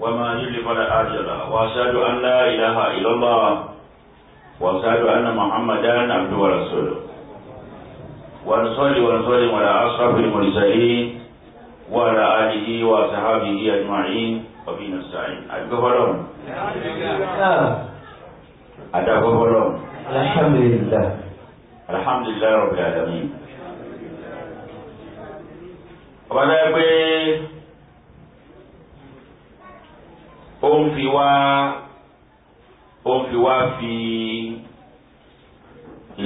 وما يضل فلا هادي له واشهد ان لا اله الا الله واشهد أن محمدا عبده ورسوله ونصلي ونصلي على اشرف المرسلين وعلى آله وصحبه اجمعين وبه نستعين ادغفرهم ادغفرهم الحمد لله الحمد لله رب العالمين ọba dá ó ń fi wá ó ń fi wá fi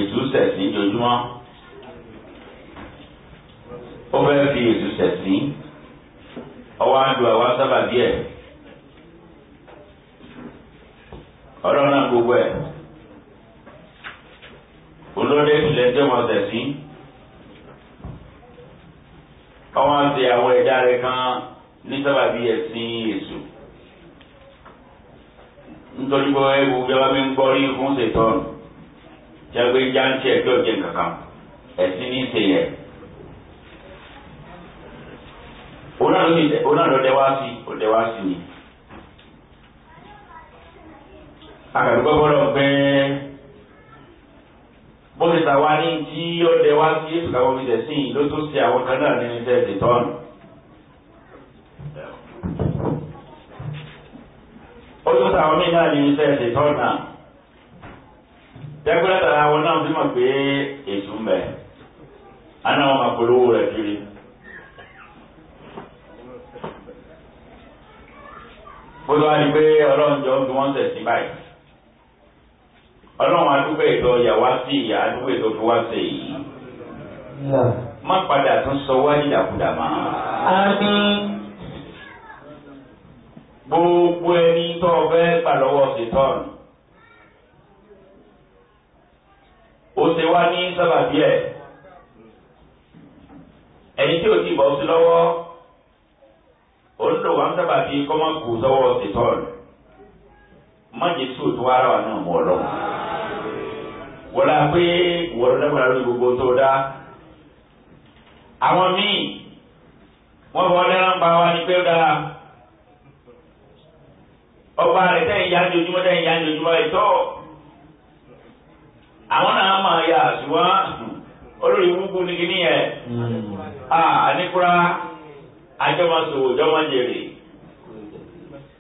ìtúsẹ̀ sí jojúmọ́ ó fẹ́ fi ìtúsẹ̀ sí ọwọ́ àdùn àwa sábà díẹ̀ ọlọ́run náà gbogbo ẹ̀ olóde ìpìlẹ̀ jẹ́ wọn tẹ̀ sí ọwọ́ àti àwọn ẹ̀dá rẹ̀ kan ní sábàbí ẹ̀sìn èṣù nítorí gbọ́ ẹ̀wò bí wọ́n fi ń gbọ́ rí fún ṣètọ́nù jẹ́gbé jáǹtì ẹ̀jọ́ jẹ kankan ẹ̀sìn ní ṣe yẹ. onáà ló dẹ wá sí ó dẹ ni. akàdúgbò gbọ́dọ̀ pé bó ti ta wá ní tí ó dẹ wá sí ètò ìkàwọ́ mi tẹ̀sìn ló tó ṣe àwọn kan náà nínú iṣẹ́ ó tún sàwọn míì náà ní tara wọn náà fi mọ̀ pé èṣù ń àná wọn máa polówó rẹ̀ kiri. ó lọ́wọ́ ni pé ọlọ́run fi wọ́n sẹ̀sìn báyìí ọlọ́run adúgbò ètò ọ̀yà wá sí ìyá adúgbò ètò fi wá sí èyí. má padà gbogbo ẹni tó o fẹ́ gbà lọ́wọ́ ṣètọ́ọ̀nù. ó ṣe wá ní sábàbí ẹ̀ ẹ̀yin tí o ti bọ̀ sí lọ́wọ́ ó ń lò wá ń sábàbí kọ́mọ́ kù sọ́wọ́ ṣètọ́ọ̀nù. má jẹ́ sí òtún ara wa náà mọ̀ ọ́ wọ́n la pé wọ́n lọ́wọ́ lórí gbogbo tó dá àwọn míì wọ́n fọ́ ọ́ lẹ́rán pa wá ní pé ó dáa ọba rẹ̀ tẹ̀ ń yá lójúmọ́ tẹ̀ ń yá lójúmọ́ ìtọ́ àwọn náà máa yà ṣùgbọ́n olórí wúkú ni kíní yẹn hmm. àníkúrá ajọ́mọ̀sòwò jọ́mọ̀jèrè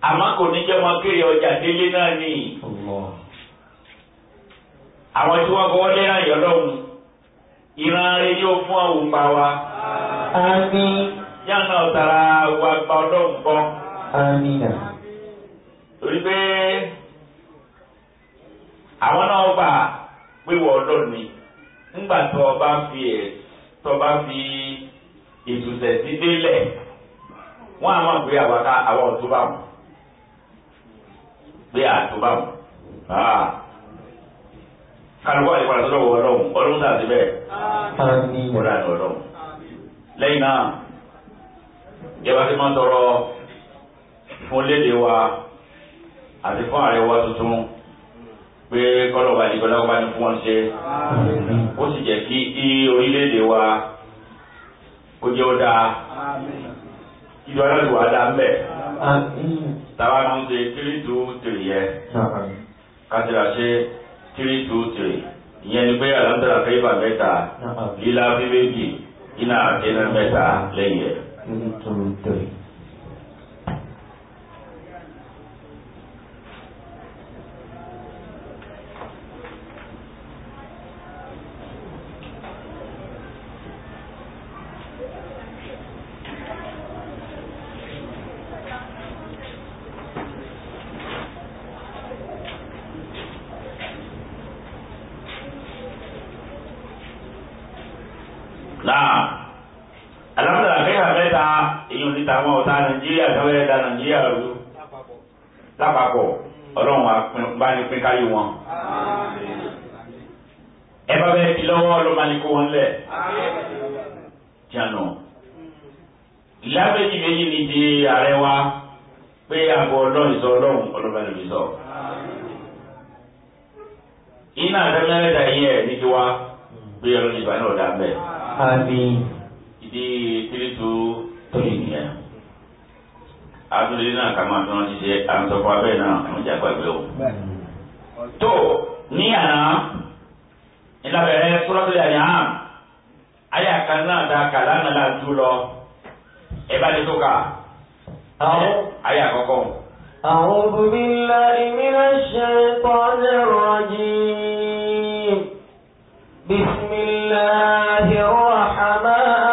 àmọ́ kò ní jọ́mọ kéré ọjà délé náà ní àwọn tí wọ́n kọ́ lé náà yọ̀lọ́hùn ìran rẹ̀ yóò fún àwọn òǹpa wa. yánnà ọ̀tara wa gba ọlọ́run gbọ́ torí pé àwọn náà gbà pé wọ́n ọlọ́run ńgbà tó o fi ẹ̀ tó o bá fi ìtùsẹ̀sí délẹ̀ wọ́n á máa pé àwàká àwọn ọ̀tún bá wọn pé àtún bá wọn ah. kálukọ́ ìpàdé sọ́dọ̀ wọ ọlọ́run ọlọ́run tà sí bẹ́ẹ̀ kódà ní ọlọ́run lẹ́yìn náà ìjọba ti máa tọrọ fún léde wa àti fún ààrẹ wa tuntun pé kọlọba ìgbọ́lá wa ní fún wọn ṣe ó sì jẹ́ kí kí orílẹ̀-èdè wa kó jẹ́ ó dáa kí ìjọba náà ti dá mbẹ́ tàwa máa ń ṣe three two three yẹ kátìrà ṣe three two three ìyẹn ni pé àlàntàrà kẹ́yìnbà mẹ́ta lílá bíbélì iná àti iná mẹ́ta lẹ́yìn ẹ̀. èyí ò ní tàwọn ọ̀tá nàìjíríà sábẹ́ da nàìjíríà rú lápapọ̀ ọlọ́run bá ní pín káyé wọn. ẹ bá bẹ́ẹ̀ di lọ́wọ́ ló máa ní kó wọn lẹ̀ jànà. lábẹ́jì méjì ni di ààrẹ wa pé àbọ̀ ọlọ́run sọ ọlọ́run ọlọ́run ló sọ. iná àtẹ́mẹ́rẹ́dà yẹn ẹ̀ ní ti wá gbé ọlọ́run ìbànú ọ̀dà mẹ́. àmín. ìdí three tó lè nìyẹn. adúlé náà ká máa tún rántí ṣe à ń sọ fún abẹ́ náà àwọn ìjà gbàgbé o. tó ní àná ìlàbẹ̀rẹ̀ sọ́lọ́tò yàrá yàrá ayé àkànná ta kàlá náà la tú lọ ẹ bá lè tó kà ayé àkọ́kọ́. أعوذ بالله من الشيطان الرجيم بسم الله الرحمن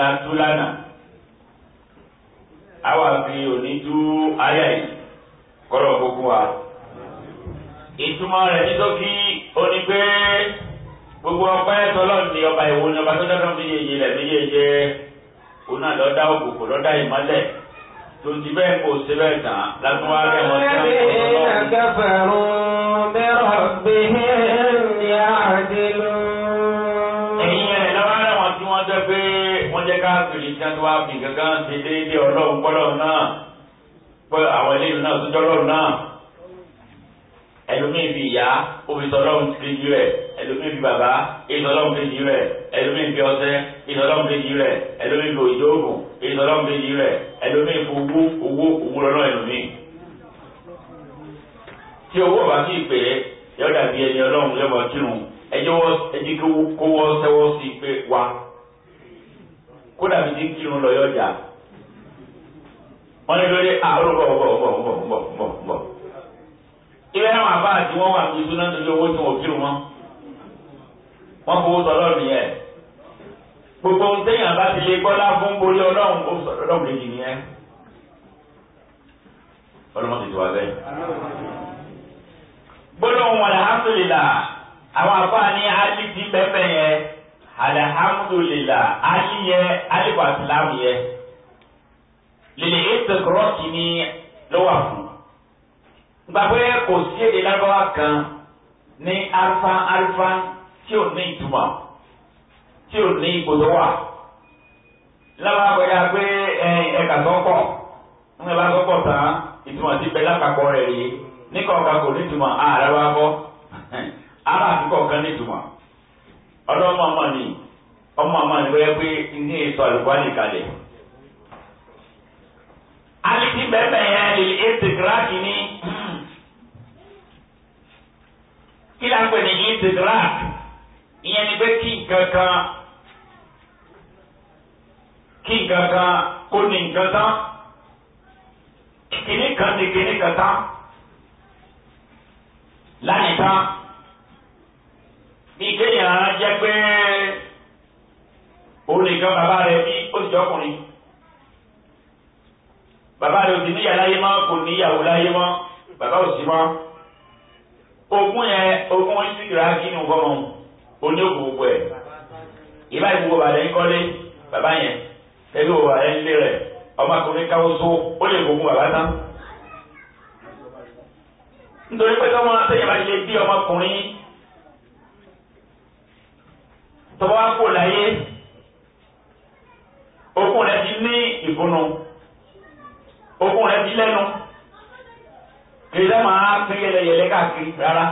lantú lánàá àwa fi òní tú ayé yìí gbogbo wa ìtumọ̀ rẹ̀ nítorí ó ní pé gbogbo ọpẹ́ tọ́lọ́ọ̀nì ọba ìwo ni ọba tó dáná méjèèjì rẹ̀ méjèèjì òun náà lọ́dá òkùnkùn lọ́dá ìmọ́lẹ̀ tó ti bẹ́ẹ̀ kò sí tán látún wá rẹ̀ wọ́n tán lọ́wọ́. ọ̀rẹ́ mi káfíìrì tí wọ́n ti wá fi gángan ṣe déédéé ọlọ́run pọ́lọ́run náà pé àwọn eléyìí náà tún jọ́lọ́run náà ẹlòmíì fi ìyá òbí sọlọ́run kejì rẹ̀ ẹlòmíì fi bàbá ìsọlọ́run kejì rẹ̀ ẹlòmíì fi ọṣẹ ìsọlọ́run kejì rẹ̀ ẹlòmíì fi òjò òògùn ìsọlọ́run kejì rẹ̀ ẹlòmíì fi owó owó owó lọ́nà ẹlòmíì. tí owó bá kí pé yọ̀dà bíi ẹni ọlọ́run lẹ́wọ̀n kírun ẹjọ́ ẹjì kówó sẹ́wọ́ sí pé wá kódà mi ti ń kírun lọ yọjà wọ́n ní lórí àárò ah, bọ̀ bọ̀ bọ̀ bọ̀ bọ̀ bọ̀ bọ̀ ilé náà àbá àti wọ́n wà tuntun náà nítorí owó tí wọ́n kírun mọ́ wọ́n fowó sọ̀rọ̀ nìyẹn gbogbo ohun téèyàn bá ti lè gbọ́lá fún borí ọlọ́run ó sọ̀rọ̀ lọ́run nìyẹn ọlọ́run ti tó wa bẹ́ẹ̀. gbọ́dọ̀ wọn làásùlìlà àwọn àbá ní alí ti bẹ́ẹ̀ bẹ́ẹ̀ yẹn. alihamudulila ali alibu asilamu yẹ lili istikrọ kini ni wà fún gbàgbé kò sí èdè lágbàwá kan ní alifa alifa tí o ní ìtumọ̀ tí o ní ìgbòdo wà lábàá àgbẹ̀dá pé ẹ̀ka sọ́kọ̀ ń bá sọ́kọ̀ tán ti bẹ lápapọ̀ rẹ̀ yìí ní kò ní kɔ ní ọlọ́mọ ọmọ ni ọmọ ọmọ ni wọ́n yẹ pé ní ètò àlùkò àlìkalẹ̀. alìsí bẹ́ẹ̀ yẹn lè ètò gíráàkì ní kí là ń pè ní ètò gíráàkì ìyẹn ni pé kí nǹkan kan kí nǹkan kan kó ní nǹkan tán kìnnìkan ní kìnnìkan tán lánìí tán bí kéèyàn jẹ́ pé òun nìkan bàbá rẹ̀ bí ó sì jọkùnrin bàbá rẹ̀ ò sì níyà láyé mọ́ kò níyàwó láyé mọ́ bàbá ò sí mọ́ ogún yẹn ogún wọn sì rà kí nù gbọmọ oní òkú gbogbo ẹ ìbá ìgbogbo bàbá rẹ̀ ń kọ́lé bàbá yẹn ẹbí wo bàbá rẹ̀ ń ọmọkùnrin káwọ́ ó lè gbogbo bàbá tán nítorí pé tọ́mọ sẹ́yìn ṣe bí ọmọkùnrin tọ́ba wá kó láyé okùn rẹ̀ ti ní ìbùnú okùn rẹ̀ ti lẹ́nu kì í dá máa pín yẹlẹyẹlẹ káàkiri rárá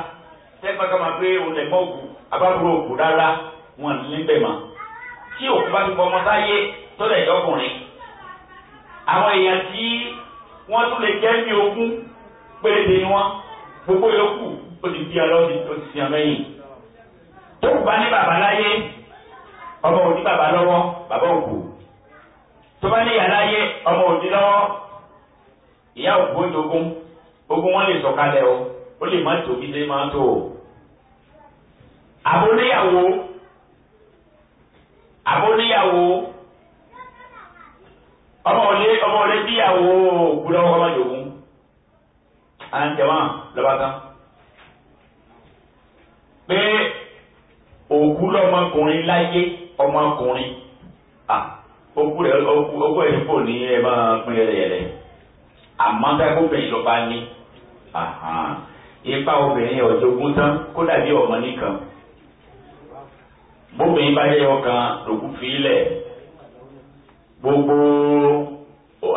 tẹ́gbọ́n ká máa pé olè mọ́ òkú abáwúrò òkú rárá wọn níbẹ̀ mọ́ tí òkú bá ti bọ́ ọmọ sáyé tó lẹ̀ dọ́kùnrin àwọn èèyàn tí wọ́n tún lè jẹ́ bí ogún péréte ni wọ́n gbogbo yòókù ó ti di ọlọ́ọ̀dì ó ti di ọmọ ẹ̀yìn tó kù bá ní bàbá láyé ọmọ òní bàbá lọ́wọ́ bàbá òkú tó bá ní yàrá yé ọmọ òní lọ́wọ́ ìyá òkú ojogun ogun wọn lè sọ̀kalẹ̀ o ó lè má tóbi dé má tó o. àbóníyàwó àbóníyàwó ọmọ òní ọmọ òní bíyàwó òkú lọ́wọ́ ọmọ òjogun à ń tẹ̀wọ́n lọ́ba tán pé òkú lọ́mọkùnrin láyé ọmọkùnrin à ogún rẹ̀ ogún ẹ̀ kò ní ẹ máa pín yẹlẹyẹlẹ àmọ́ dákúbẹ̀yìn lọ́ba ní ipa obìnrin ọ̀jọ̀gún tán kó dàbí ọmọ nìkan bóbìnrin bá yẹ ọkàn lòkù fi lẹ̀ gbogbo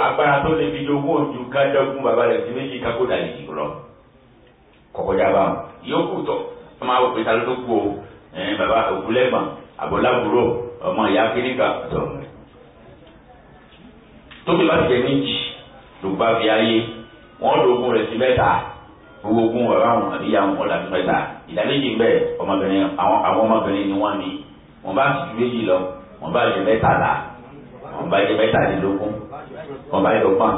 agbára tó lè fi jogún ojú ká dọ́gún bàbá rẹ̀ sí méjì kákó dàbí ìlú lọ kọ̀kọ́jà bá wọn yóò kù tọ̀ ọmọ àwọn òpèta ló tó kú o bàbá òkú lẹ́gbọ̀n àbọ̀lábúrò ọmọ ìyá kíníkà tọ̀mù tóbi bá ti jẹ méjì ló bá fi ayé wọn lóògùn rẹ sí mẹ́ta gbogbo ogun ọ̀rọ̀ àwọn àbíyá wọn ọ̀là sí mẹ́ta ìdá méjì ń bẹ ọmọbìnrin àwọn ọmọbìnrin ni wọ́n ní wọ́n bá ti ju méjì lọ wọ́n bá jẹ mẹ́tàlá wọ́n bá jẹ mẹ́tàlélógún wọ́n bá jẹ ọgbọ̀n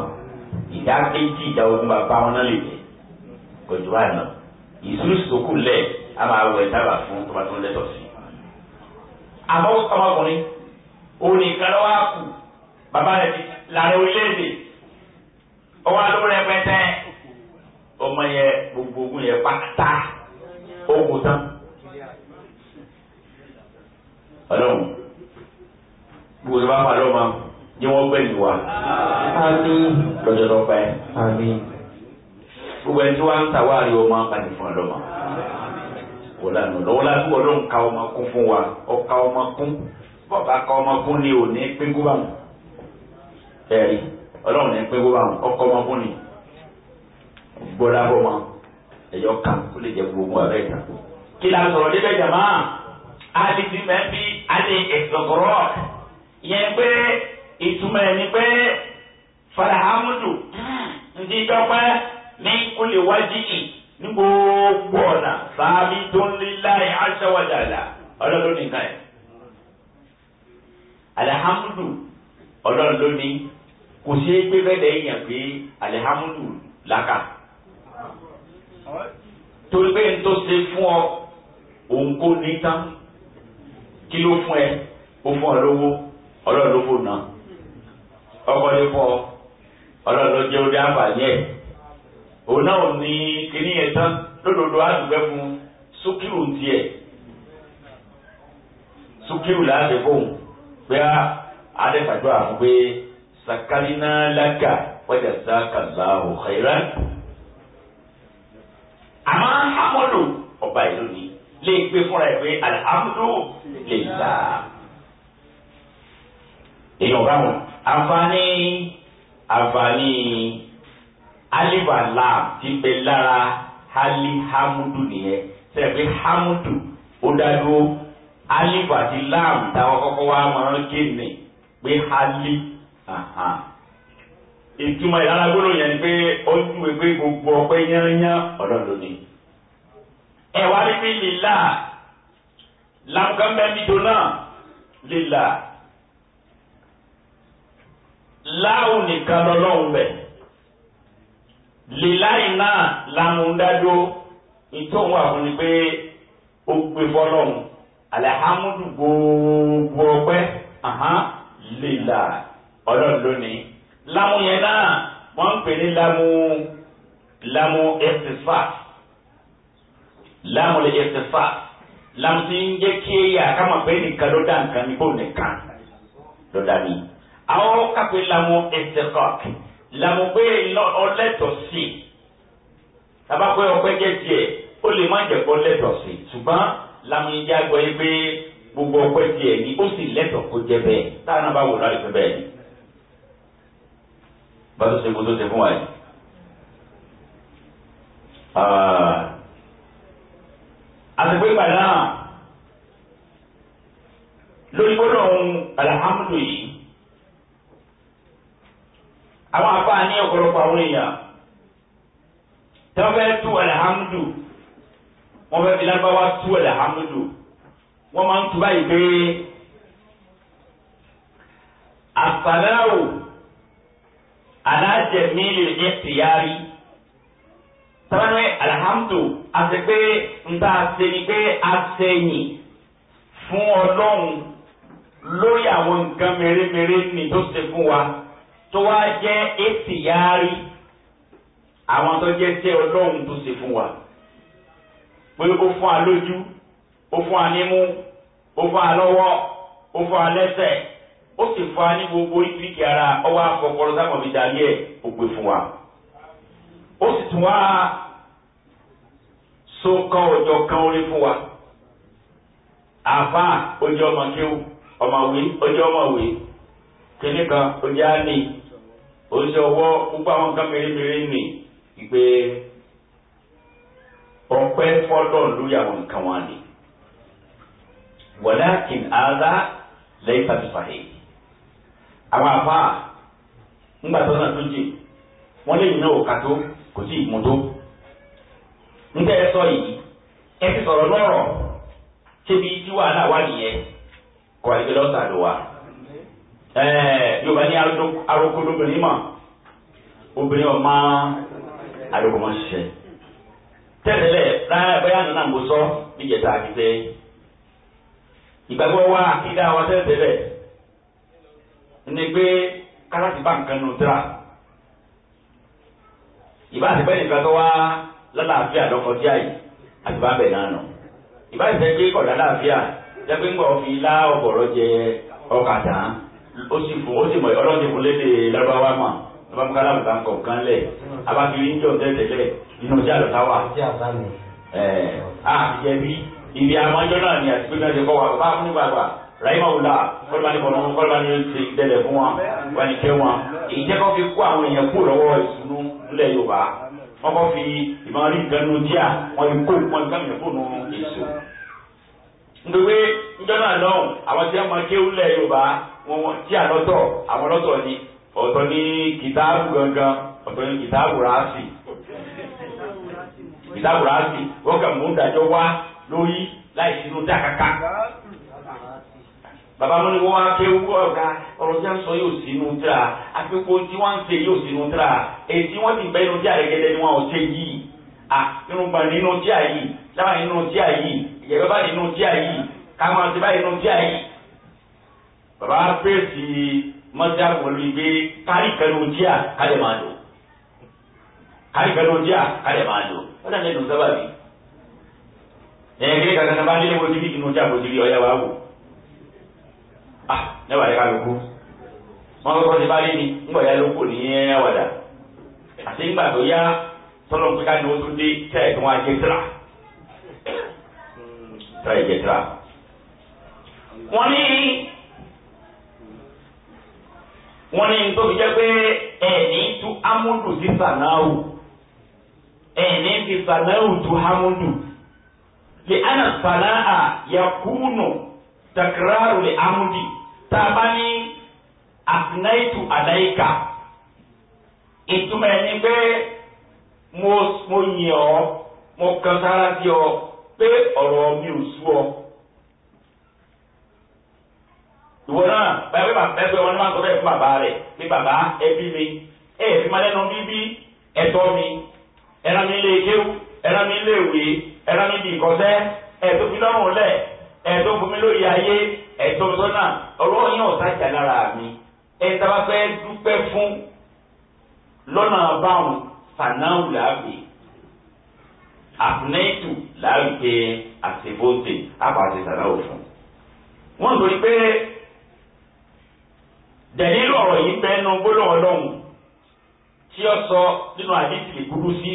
ìdá méjì ìjà ogun bàbá wọn náà lè jẹ kò jù wá lọ ìṣúrù sókù lẹ̀ á máa wọ fún tọ́ba sí àmọ́ sọ́mọ́ ọkùnrin òun nìkan lọ́wọ́ á kù bàbá rẹ̀ ti làárẹ̀ orílẹ̀-èdè ọwọ́ àdúgbò rẹ̀ pẹ́tẹ́ ọmọ yẹn gbogbo ogun yẹn pátá ogun tán ọlọ́run gbogbo tó bá fà lọ́wọ́ máa ní wọ́n gbẹ̀yìn wa lọ́jọ́ lọ́pẹ́ gbogbo ẹni tí wọ́n ń tàwárí ọmọ apàdé fún ọlọ́mọ ọlànà lọ́wọ́ láti Ọlọ́run ka ọmọ kún fún wa ọka ọmọ kún bọba ka ni ò ní pín kó bá wọn ẹrí Ọlọ́run ní pín kó bá wọn ọkọ ọmọ kún ni gbọdá bọ wọn ẹyọ kan kó lè jẹ gbogbo abẹ ìta. kí la sọ̀rọ̀ débẹ̀ jàmá àti ti mẹ́ bí yẹn pé ìtumọ̀ ẹ̀ ni pé farahamudu ndí hmm, dọ́pẹ́ ní kúlẹ̀ wájú yìí ní gbogbo ọ̀nà sàbí tó ń lé láì aṣáwájà àlà ọlọ́run nìkan ẹ̀. alihamudu ọlọ́run ló ní kò ṣeé gbé bẹ́ẹ̀ lẹ́yìn pé alihamudu làkà. torí pé n tó ṣe fún ọ òun kò ní tán kí ló fún ẹ ó fún ọ lówó ọlọ́run ló fò náà ọkọ̀ lè fọ ọlọ́run ló jẹ́ ó dé àǹfààní ẹ̀ òun náà ní kíní yẹn tán lódodo àdùgbẹ́ fún súkìrù tiẹ̀ súkìrù láti fóun pé adẹ́gbàdo àwọn pé sakalina laka wájà sákàlá òkèèrè. àmọ́ amọ́dù ọba ìlú ni lè gbé fúnra ẹ̀ pé alihamudu lè gbà. èèyàn bá wọn àǹfààní àǹfààní alifa lam ti bẹ lára ali hamudu nìyẹn sẹ́ẹ̀pẹ́ hamudu ó dádúró alifa ti lam táwọn kọ́kọ́ wá máa ń gé nì pé ali ìtumọ̀ ìdáragbóná yẹn ni pé ó júwe pé gbogbo ọpẹ́ yányán ọ̀dọ́dọ́ ni ẹ̀wá rí pé lílà lámkánbẹ́ níjọ náà lílà láwùn nìkan lọ́lọ́run bẹ́ẹ̀ lìláì náà lamúdájó ìtòun wà fún ni pé ó gbé fọlọ́hún alihamudu gbogbo ọpẹ́ lìlá ọlọ́run lónìí lamu yẹn náà wọ́n ń pè ní lamu lamu ẹ̀sìfà lamu ẹ̀sìfà lamu ti ń jẹ́ kéèyà kama pé nìkan ló dá nǹkan ní bó nìkan ló dá ní. àwọn kápẹ́ lamu ẹ̀sìkọ́kì làwọn pé ọlẹ́tọ̀ sí i tàbá pé ọpẹ́ jẹ́ tiẹ̀ ó lè má jẹ́ kó lẹ́tọ̀ sí i ṣùgbọ́n làwọn ìjà gbọ́ yìí pé gbogbo ọpẹ́ tiẹ̀ ni ó sì lẹ́tọ̀ kó jẹ́ bẹ́ẹ̀ táwọn náà bá wò láti pé bẹ́ẹ̀ ni. bá tó ṣe kó tó ṣe fún wa yìí. àtẹ̀pé ah. ìgbà náà lórí gbọ́dọ̀ ohun alhamdu yìí àwọn àbá ní ọ̀pọ̀lọpọ̀ àwọn èèyàn tẹ́wọ́n fẹ́ tú alihamudu wọ́n fẹ́ fi lágbáwá tú alihamudu wọ́n máa ń tú báyìí pé àfàlàwò alájẹmí lè ní tìyárí tẹ́wọ́n fẹ́ alihamudu àti pé nta ṣe pé a ṣẹ̀yìn fún ọlọ́run lórí àwọn nǹkan mèremère ni tó ṣe fún wa tó wá jẹ́ èsì yaari àwọn tó jẹ́ sẹ́ ọlọ́run tó ṣe fún wa pé ó fún wa lójú ó fún wa nímú ó fún wa lọ́wọ́ ó fún wa lẹ́sẹ̀ ó sì fún wa ní gbogbo oríkìríkì ara ọwọ́ àfọkọ́rọ́ sábà fi darí ẹ̀ ó gbé fún wa ó sì tún wá so kan ọjọ́ kan orí fún wa àfa ojú ọmọ kéwù ọmọ wé ojú ọmọ wé kíní ojú á oṣù ọwọ́ gbogbo àwọn nǹkan mèremère nì ìpè ọpẹ́ fọlọ́n lórí àwọn nǹkan wọn ni walakin àdá lẹ́yìn sàtìfàyè àwọn àfa ńgbà tó náà tó jì wọ́n lè òkà tó kò tí ì mú tó nígbà ẹ sọ yìí ẹ ti sọ̀rọ̀ lọ́rọ̀ Eh, yobani ní obìnrin mọ̀ obìnrin ọ̀ma arókòmọ̀ ṣiṣẹ́ tẹ́lẹ̀lẹ̀ rárá bẹ́ẹ̀ àná náà mo sọ níjẹta àkìtẹ́ ìgbàgbọ́ wa àkídá wa tẹ́lẹ̀tẹ́lẹ̀ ní pé káràtì bá nǹkan nù tíra ìbá àti bẹ́ẹ̀ tó wá lálàáfíà lọ́kọjá yìí àti bá náà nù ó sì fún ó sì mọ̀ ọlọ́run ti fún léde lọ́gbàwá mọ̀ lọ́gbà mú kálàmù kan kọ̀ọ̀kan lẹ̀ abákiri ń jọ tẹ́tẹ̀lẹ̀ inú ọjà lọ́tà wà. àtijọ́ bí ibi àmọ́jọ́ náà ni àti pínlẹ̀ ẹ̀kọ́ wà bá fún nígbàgbà rahima wula kọlbani kọnọ kọlbani ti dẹlẹ fún wa wani kẹ wa ìjẹkọ fi kó àwọn èèyàn kó lọ́wọ́ ìsunu nílẹ̀ Yorùbá wọn kọ fi ìmọ̀ràn ìgbẹ́nu díà wọn kó wọn gbàmìlẹ̀ fóònù èso. nítorí níjọba lọ́hùn àwọn tí wọ́n máa kéwú lẹ̀ yorùbá wọn wọn tí àlọ́tọ̀ àwọn lọ́tọ̀ ni ọ̀tọ̀ ní kìtáàbù gangan ọ̀tọ̀ ní kìtáàbù ráàsì kìtáàbù ráàsì wọ́n kà mú dájọ́ wá lórí láì sínú dákàkà bàbá wọn ni wọn wá ké wú ọgá tí wọn sọ yóò sínú tíra àfikún tí wọn ń yóò sínú tíra èyí wọn ti bẹ inú tíra gẹ́gẹ́ ni wọn ò ṣe yìí à irun gbà nínú tíra yìí lábàá nínú tíra yìí ìyẹ̀bẹ̀ bá nínú tíra yìí ká máa ṣe báyìí nù díà yìí bàbá pèsè mọ́tíà pẹ̀lú ìgbé kárí pẹ̀lú díà kálẹ̀ máa lò kárí pẹ̀lú díà kálẹ̀ máa lò ó dàbí ẹ̀dùn sábà bí ẹ̀yìn kí ni kankan bá nílé wojúbí inú díà wojúbí ọ̀yà wà wò ah lẹ́wà yẹ ká lóko wọn kọ́kọ́ ti bá rí ni ńgbà yà lóko ní àwàdà àti ńgbà tó yá tọ́lọ́ pé ká ní oṣù dé tẹ́ẹ̀ tó wá jẹ́ tíra tẹ́ẹ̀ jẹ́ tíra wọ́n ní wọ́n ní tó fi jẹ́ pé ẹ̀ẹ́nì tú amúdù sí sànáwù ẹ̀ẹ́nì fi sànáwù tú amúdù lè ana sànáà yakúnù takraru lè amúdì tá a bá ìtumọ̀ ẹ̀ pé mo yìn ọ́ mo kàn sára sí ọ pé ọ̀rọ̀ mi ò sú ọ ìwọ náà báyọ̀ pé ẹgbẹ́ wọn máa ń sọ bẹ́ẹ̀ fún bàbá rẹ̀ pé bàbá ẹbí mi ẹ fi máa lẹ́nu bíbí ẹ̀tọ́ mi ẹran mi lè kéwú ẹran mi lè wé ẹran mi di ìkọ́sẹ́ ẹ̀tọ́ mi lọ́rùn lẹ̀ ẹ̀tọ́ fún mi lórí ayé ẹ̀tọ́ mi sọ́nà ọlọ́wọ́ yẹn ọ̀sá ìjà lára mi ẹ̀ tábà fẹ́ dúpẹ́ fún lọ́nà báwọn sànáwù làbẹ̀ àfúnẹ́tù làbẹ̀ àtẹ̀bọ̀tẹ̀ àpàtẹ̀ sànáwù fún. wọ́n ń torí pé dẹ̀lílù ọ̀rọ̀ yìí bẹ́ẹ̀ nu gbólóhùn ọlọ́run tí ó sọ nínú àdìsí kúrú sí.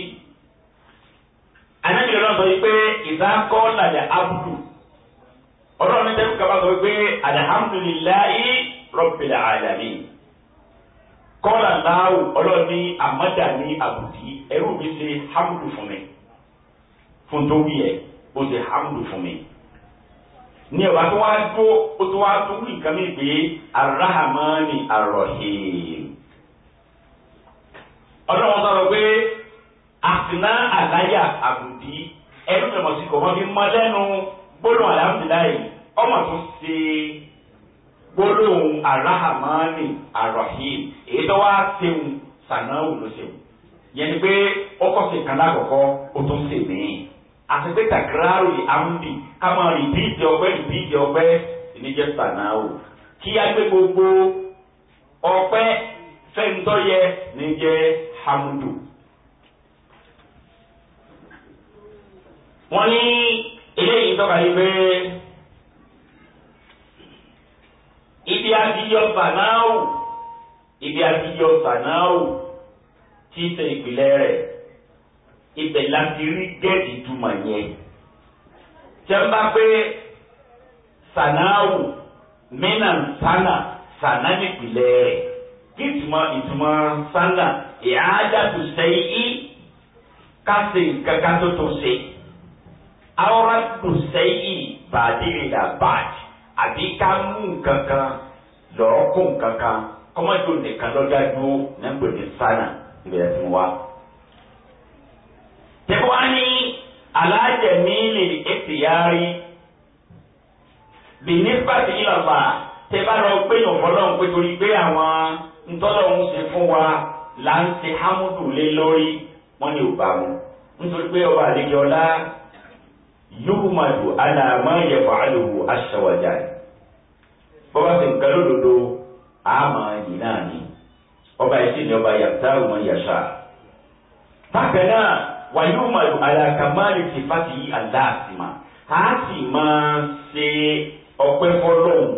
Ànábìlẹ̀ náà sọ wípé ìdákọ́ làdà ábùdù. Ọlọ́run ní tẹ́lifù kaba sọ wípé alhamdulillahi rabbil alamin. Kọ́là náàwù ọlọ́run ní àmọ́dà ní àbùdí ẹrú mi ṣe hamdu fún mi. Fún tó wí ẹ̀ ó ṣe hamdu fún mi ní ẹ̀wà tó wá tó ó tó wá tó wí nǹkan mìíràn pé arahamani arọ̀hìm. ọlọ́run sọ̀rọ̀ pé àsìná àláyà àbùdí ẹnu tọ̀mọ̀ sí kọ̀ọ̀kan fi mọ lẹ́nu gbólóhùn alhamdulilayi ọmọ tó ṣe gbólóhùn arahamani arọ̀hìm èyí tó wá ṣeun sànáwó ló ṣeun yẹn ni pé ó kọ́ sí ìkànnà àkọ́kọ́ ó tún ṣe mí àtẹ̀pẹ́ tàkìrárò àmúdì ká máa rìpíìtì ọpẹ́ rìpíìtì ọpẹ́ ìníjẹ́ sànáwò kí á gbé gbogbo ọpẹ́ fẹ́ntọ́yẹ níjẹ́ hamudu. wọ́n ní eléyìí tọ́ka yìí pé ibi àtijọ́ sànáwò ibi àtijọ́ sànáwò tí í ṣe ìpìlẹ̀ rẹ̀ ibẹ̀ la ti rí jẹ́ ìtumọ̀ yẹn jẹ́nba pé sànáwò mínà sànà sànà nípìnlẹ̀ rẹ̀ kí ìtumọ̀ ìtumọ̀ sànà ìhádàtú sẹ́yìn kásì kankan tó tó ṣe awọ́rọ́tò sẹ́yìn bàdí ìlà bàdí àbí ká mú kankan lọ́ọ́ kó kankan kọ́mọ́tò nìkan lọ́jà dúró nígbè ní sànà ìgbéyàwó wa. alájẹmílì ìtìyárí bìnífàtì ìlànà tẹ bá lọ gbé yàn fọlọ́n pé torí gbé àwọn ntọ́lọ́hún ṣe fún wa là ń ṣe hámúdù lé lórí wọn ni ò bá wọn nítorí pé ọba àlejò ọlá yúrùmàdù àlàmọ́ yẹ̀fọ́ àlòwò aṣọwọ́jà bọ́bá sì ń kẹ́ lódodo àmọ́ yìí náà ni ọba ìṣèlú ọba yàtá òun yàṣà bákan náà wàyúmọ̀lù alákàmáàlì ti fàtì yí aláàtìmá a sì máa ṣe ọpẹ́ fọlọ́hún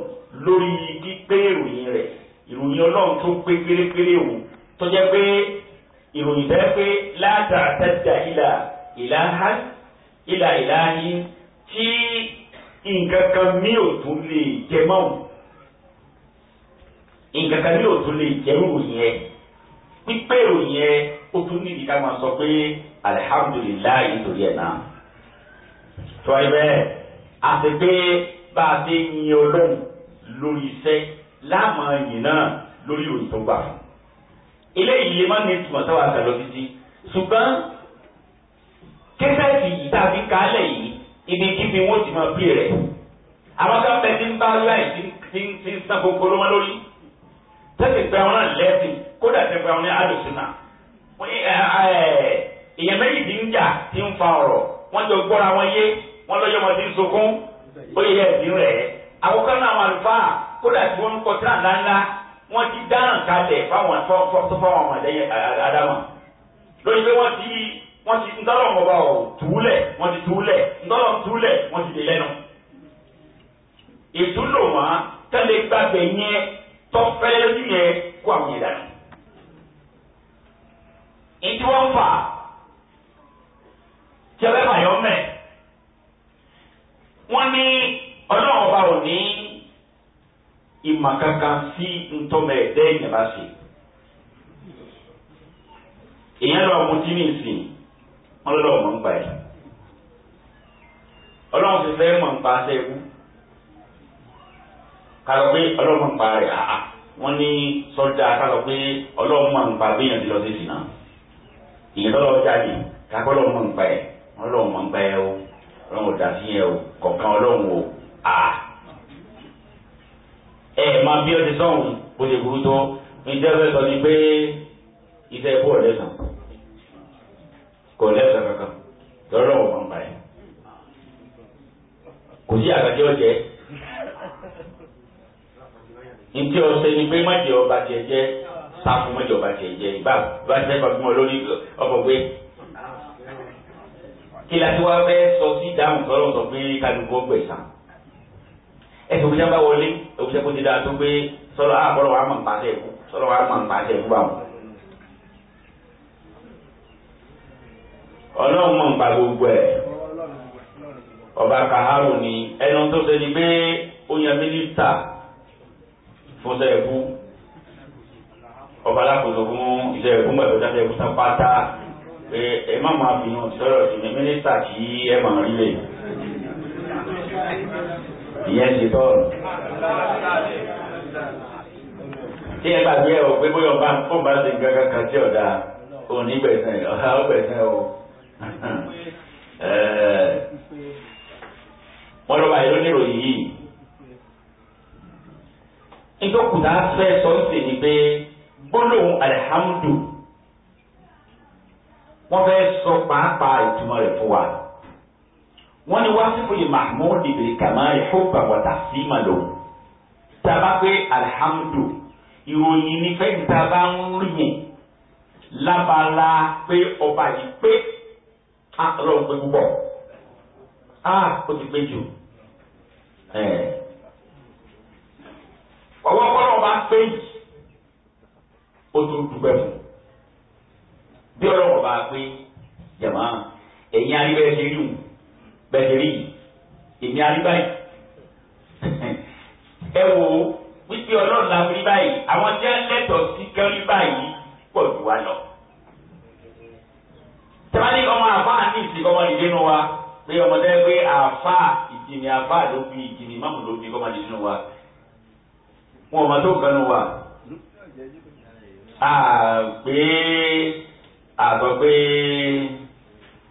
lórí pípé ìròyìn rẹ̀ ìròyìn ọlọ́run tó pé pérépéré o tó jẹ́ pé ìròyìn tẹ́ pé látà tẹ́jà ìlà ìlàhán ìlà ìlàhín tí nǹkan kan mí ò tún lè jẹ mọ́hún nǹkan kan mí ò tún lè jẹ́ ìròyìn ẹ pípé ìròyìn ẹ ó tún níbi ká máa sọ pé alihamudulilayi nítorí ẹ̀ náà tó ẹ bẹ́ẹ̀ àti pé bá a ti yin ọlọ́run lórí iṣẹ́ láàmú ẹ̀yìn náà lórí òyìn tó gbà fún eléyìí lè má ní ìtumọ̀ sáwà àtàlọ́ títí ṣùgbọ́n kẹsẹ̀tì yìí tàbí kálẹ̀ yìí ibi kíbi wọ́n ti máa bí rẹ̀ àwọn kan ti ń bá láì ti ń san ló wọn lórí tẹ́sí pé àwọn náà lẹ́sìn kódà tẹ́ pé àwọn ní àlùsùn náà Eh, eh, eh, èèyàn méjì ti ń jà ti ń fa ọ̀rọ̀ wọ́n jọ gbọ́ra wọn yé wọ́n lọ́jọ́ wọn ti ń sunkún ó yẹ ẹ̀sìn rẹ̀ àkọ́kọ́ náà àwọn àlùfáà kódà tí wọ́n ń kọ sílá ńláńlá wọ́n ti dáràn kalẹ̀ fáwọn tó fáwọn ọmọdéyìn àdámọ̀ lórí pé wọ́n ti wọ́n ti ntọ́lọ̀ ọba túlẹ̀ wọ́n ti túlẹ̀ túlẹ̀ wọ́n ti dè lẹ́nu. ìdí wọn fà tí ọbẹ̀ bàyọ̀ mẹ́ wọ́n ní ọlọ́run ọba ò ní ìmọ̀ kankan sí ntọ́mẹ̀ ẹ̀dẹ́ ìyẹ̀bá sí èèyàn lọ ọmọ tí ní ìsìn wọn lọ́dọ̀ ọmọ ń gbà ẹ̀ ọlọ́run ti fẹ́ mọ̀ ń pa aṣẹ́ ewu kálọ̀ pé ọlọ́run mọ̀ ń pa rẹ̀ àá wọ́n ní sọ́jà kálọ̀ pé ọlọ́run mọ̀ ń pa lọ sí ìsìn náà ìyẹn tọ́lọ́ jáde kápẹ́ lọ́wọ́ mọ̀ ń pa ẹ̀ wọ́n lọ́wọ́ mọ̀ ń pa ẹ̀ o ọlọ́run ò dá sí o kọ̀ọ̀kan ọlọ́run o à ẹ̀ máa bí ọtí sọ́hùn bó ṣe burú tó ìjẹ́ fẹ́ sọ ni pé iṣẹ́ ikú ọ̀rẹ́ kò lẹ́sàn kankan lọ́lọ́wọ́ mọ̀ ń pa ẹ̀ kò sí àgbàjẹ́ ọ̀jẹ́ ntí ọ̀sẹ̀ ni pé má jẹ́ ọba jẹ́ sáfù mọ́jọba tiẹ̀ jẹ́ ìbá bá ti fẹ́ fún ọ lórí ọmọ gbé. kí la ti wá fẹ́ sọ sí dáhùn sọ́rọ̀ sọ pé kálukú ọgbẹ̀ sàn. ẹsẹ̀ òkúta bá wọlé òkúta kó ti dáa tó pé sọ̀rọ̀ àbọ̀rọ̀ wàá mọ̀ nípa tẹ̀ kú sọ̀rọ̀ wàá mọ̀ nípa tẹ̀ kú báwọn. ọlọ́run mọ̀ nípa gbogbo ẹ̀ ọba kaharu ni ẹnu tó ṣe ni pé ó yan mínísítà fúnṣẹ́ ẹ̀kú ọba alákòóso fún ilé ẹ̀kọ́ mọ̀ ìtọ́jà ẹ̀kú tán pátá ẹ má máa fi hàn sọ̀rọ̀ sí ní mínísítà kí ẹ mà ń rílẹ̀ ìyẹn ṣe tọ́ọ̀nù. tí ẹ gbàgbé ẹ o pé bóyá ọba ọba ṣe gángan kan sí ọ̀dà òní gbẹ̀sẹ̀ ọ̀há ọgbẹ̀sẹ̀ o. wọ́n lọ́ba ìlú níròyìn yìí. nítorí kùtà fẹ́ sọ́ọ́sì ni pé gbólóhùn alihamudu wọ́n fẹ́ sọ pàápàá ìtumọ̀ rẹ̀ fún wa wọ́n ní wáṣífù yìí mahmud ibìrì kàmáyé hubba wa tasima lò tábà pé alihamudu ìròyìn ní fẹ́ẹ́ tábà ń rí yẹn lábala pé ọba yìí pé a lọ́n pé púpọ̀ a ó ti pé jù ọwọ́ kọ́ lọ́ba pé jù ó tún dúpẹ́ fún bí ọlọ́wọ́ bá pé jàmá ẹ̀yin aríbẹ̀rẹ̀ ṣe rí òun bẹ́ẹ̀ rí èmi aríbáyìí ẹ wò ó wípé ọlọ́run la rí báyìí àwọn tí wọ́n lẹ́tọ̀ọ́ sí kẹ́rí báyìí pọ̀ jù wá lọ. tẹ́wọ́n ọmọ àfáà ní ìsìn ọmọ ìdílé nu wa pé ọmọdé pé àfáà ìjìnì àfáà ló fi ìjìnì mọ́mù ló fi ọmọ ìdílé nu wa wọn ò mọ tó kanu wa àpé àgbọ̀ pé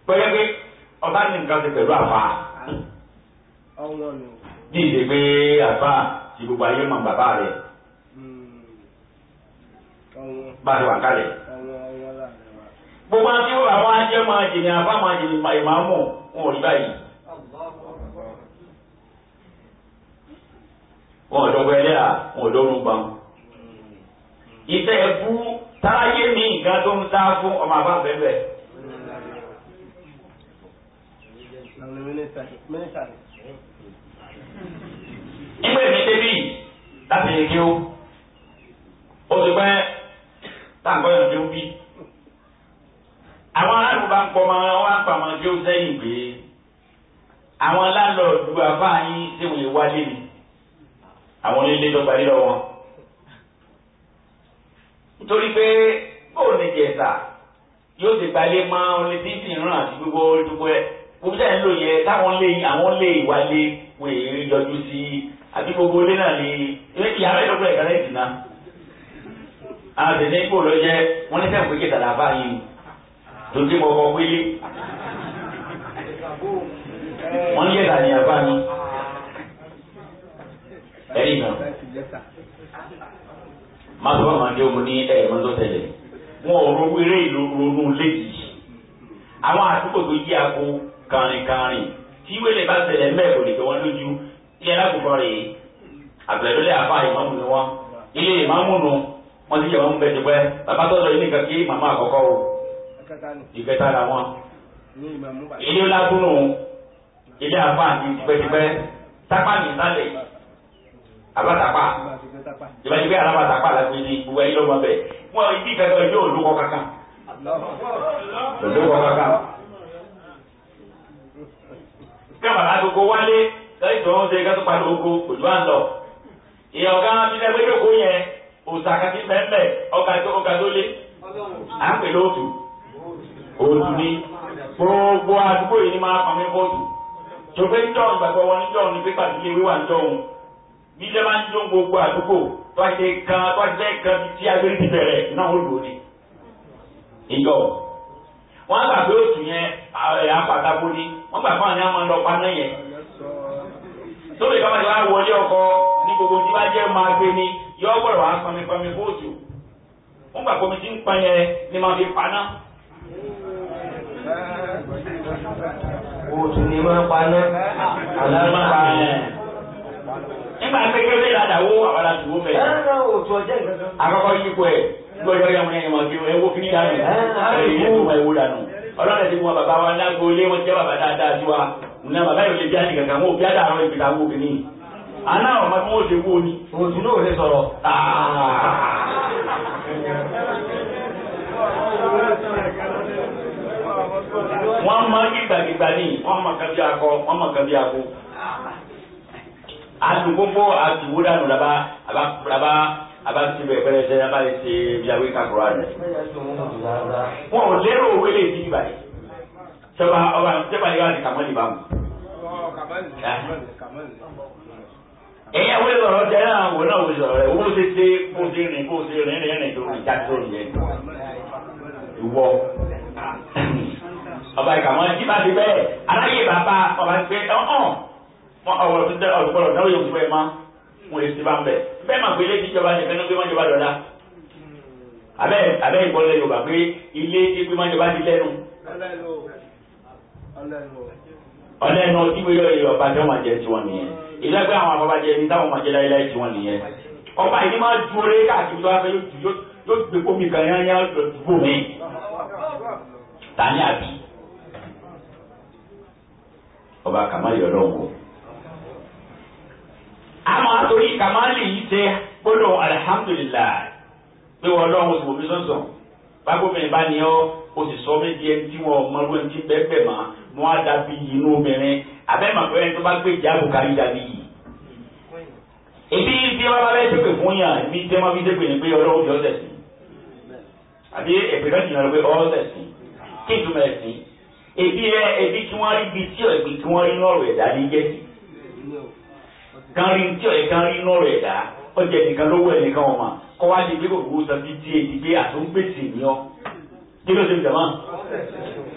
pẹ́yẹ́ pé ọba ní nǹkan ti pẹ̀lú àfa bí ìṣe pé àfa ti gbogbo ayé mọ̀ bàbá rẹ̀ hmm. bá a ti wà kálẹ̀ gbogbo àti wọn àwọn ajẹ́ máa jìnnì àfa máa jìnnì ìmáàmù wọn ò rí báyìí. wọn ò dọ́gba ẹlẹ́yà wọn ò dọ́rùn gbàmù ìfẹ́ ẹ̀bú táráyé mi nǹkan tó ń dá fún ọmọ àbá bẹ́ẹ̀ ìgbẹ́ mi débi láti yẹ kí ó ó ti pẹ́ táǹkọ́ yẹn tó bí àwọn aráàlú bá ń pọ̀ ọmọ wọn ń pa ọmọ tí ó sẹ́yìn pé àwọn aláǹlọ́ọ̀dù àfáà yín wọ́n lè wálé ni àwọn onílé tó lọ́wọ́ torí pé bóun ni jẹ̀sà yóò ti gbalé mọ́ oní tí sì ń ràn àti gbogbo gbogbo ẹ̀ gbogbo sẹ́yìn ló yẹ táwọn lé àwọn lé ìwà lé wọ́n èyí yọjú sí àti gbogbo ilé náà ni ìyàrá ìdókòwò ẹ̀ka rẹ̀ dì náà àtẹ̀lé ipò ló jẹ́ wọ́n ní sẹ́wọ̀n péjì tàdá báyìí tó dé mọ́kọ́ pélé wọ́n ní yẹ̀dà ní àbá mi náà máa sọ fáwọn àjọ mo ní ẹ̀rọ tó tẹ̀lé wọn ò ro wéré ìlú ronú léyìí àwọn àtúkò tó yí ako kàrìnkàrìn tí wẹ́lẹ̀ bá tẹ̀lé mẹ́ẹ̀ kò lè fẹ́ wọn lójú ilé alákòókò rè é àgbẹ̀lólẹ̀ àfa ìmáàmù ni wọn ilé ìmáàmù nu wọn ti yẹ wọn bẹ ti bàbá tó ilé nǹkan kí màmá àkọ́kọ́ o ìkẹta la wọn ilé lágúnù ilé àfa àti tipẹ́tipẹ́ tápá nìtalẹ̀ abatapa ìbájú pé alábàtàpá alágbèjì gbogbo ẹyí lọ́gbọ́n bẹ̀ wọ́n ibi ìfẹ́fẹ́ yóò lókọ́ kankan lókọ́ kankan. kábàlá gbogbo wálé lẹ́yìn tó ń ṣe kátó parí oko òjò à ń lọ. ìyá ọ̀gá ti dẹ́ pé yẹn òòsà kan ti ọ̀gá tó ọ̀gá tó lé à lóòtù òòtù ni gbogbo àdúgbò yìí ni máa pàmí bọ́ọ̀tù. jòpé ń jọ̀ ìgbàgbọ́ wọn ń jọ̀ ní pípàdé ilé wíwà ń jọ̀ òun níjẹ́ máa ń jó gbogbo àdúgbò tó ṣe kan tó ṣe kan ti tí agbèrè ti bẹ̀rẹ̀ náà ó lò ní. ìjọ wọn gbà pé oṣù yẹn ààrẹ apàtàkó ni wọn gbà fáwọn ní àwọn lọ paná yẹn. tóbi kọ́mọ ti wá wọlé ọkọ ní gbogbo tí bá jẹ́ máa gbé ni yọ gbọ́dọ̀ wá pọnmi pọnmi fóòtù. wọn gbà pọnmi tí ń pọn yẹn ni máa fi paná òtún ni máa paná àlá máa paná nígbà pé kí ó lè ládà wó àwọn aláṣùwò fẹ́. ẹ ẹ o tó ọjọ́ ìgbàgbọ́. àkọ́kọ́ yípo ẹ gbọ́dọ̀ yọ ọmọ ẹ̀yìn wọn kí ẹ wo kí ní dànù ẹ yẹ kó wọn ewu dànù ọlọ́run ẹ̀sìn wọn bàbá wa lágbo ilé wọn jẹ́ bàbá dáadáa sí wa nínú bàbá yóò lè bí kankan wọn ò bí àdàrọ̀ ìgbìlá wo kì ní. ọmọ tí wọn ò ṣe wó ni. òtù náà ò lè sọ̀rọ̀. wọ́n máa ń gbàgbé gbani wọ́n máa akọ wọ́n máa kan akọ adu gbogbo adu wo dànù laba aba laba aba ti bẹ pẹrẹ sẹ aba le se biawe kakura rẹ. wọn ò lérò wele di ibà yìí sọba ọba sẹba yìí wà ní kàmọ́lì bá mu. ẹ̀yẹ wo sọ̀rọ̀ tẹ náà wo náà wo sọ̀rọ̀ rẹ wo ṣe ṣe kó ṣe rìn kó ṣe rìn rìn rìn tó rìn jáde tó rìn yẹn. ìwọ ọba ìkàmọ́ ìbá ti bẹ́ẹ̀ aláyè bàbá ọba ti bẹ́ẹ̀ ọ̀hún wọn ọ̀rọ̀ tó dẹ ọ̀rọ̀ náà yóò fún ẹ má wọn èsì bá ń bẹ bẹ́ẹ̀ máa gbélé jíjọba nìkan ló gbé wọn jọba dọdá abẹ́ abẹ́ ìbọlẹ Yorùbá pé ilé gbígbé wọn jọba di lẹ́nu ọlẹ́nu ọtí wíyọ Yorùbá tí wọ́n máa jẹ tiwọn nìyẹn ìlẹ́gbẹ́ àwọn àbábájẹ ní táwọn máa jẹ láyéláyé tiwọn nìyẹn ọba yìí máa ju orí káàkiri tó wá fẹ́ yóò gbé omi kan yán yán dùbò mi tani àbí ọba kàmáyọ̀ lọ́wọ́ àmọ́ àtòrí kàmáàlì yìí ṣe gbọ́dọ̀ alihamudulilayi pé wọ́n lọ́wọ́ oṣù omi sọ̀sọ̀ bákòmìnrin bá ní ọ́ o sì sọ mí di ẹni tí wọn ọmọ ló ń ti bẹ́ẹ̀ mọ́ mọ́ á dàbí inú obìnrin abẹ́mọ̀pẹ́ ẹni tó bá gbé ìjà àbùkárí dàbí yìí. èbí tí wọn bá bẹ́ẹ̀ dẹ́pẹ̀ fún yàn èmi tí wọn fi dẹ́pẹ̀ ní pé ọlọ́run fi ọ́sẹ̀ sí àbí ẹ̀pẹ̀ náà ti yàn lọ pé ọ́sẹ̀ sí kí ìtumọ̀ ẹ̀ sí èbí rẹ èbí tí wọ́n rí bi tí ọ̀ gánrin tí ọ̀yẹ́ gánrin náà rẹ̀ dá ọjà ẹnìkan lọ́wọ́ ẹnìkan ọ̀ma kọ́ wá di pé kò gbowó san bí díẹ̀ di pé àtún gbèsè ní ọ. kí ló ṣe ń jàmá.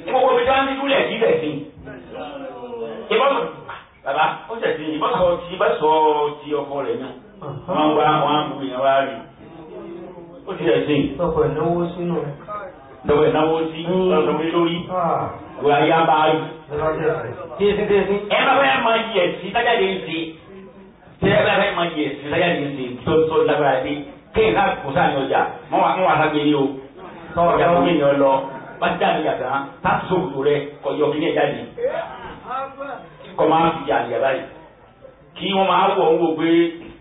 gbogbo mi sá ń dídú lẹ̀ sí tẹ̀sí. ìbọn bàbá ó tẹ̀sí ìbọn sọ ti bá sọ ti ọkọ rẹ̀ náà. wọ́n wá wọ́n á mú ìyẹn wá rí. ó ti tẹ̀sí. ọkọ̀ ìnáwó sínú lọ́wọ́ ìnáwó sí lọ́sọ̀wé lórí ìwà yá bá rí. ẹ má fẹ́ máa yẹ̀ sí tájáde ń ṣe tí ẹ bá fẹ́ mọ yẹ ẹ̀sìn láyà yìí ṣe tó tó lágbára dé kéèyàn náà kò sáà ní ọjà mọ wà mọ wà lágbèrè o tọ ọjà tó yẹn lọ bá dá mi yàtọ̀ hàn tá a sọ rẹ kọ yọ kí ní ẹja di kọ máa fi yà yàrá yìí kí wọ́n máa wọ̀ ń wò pé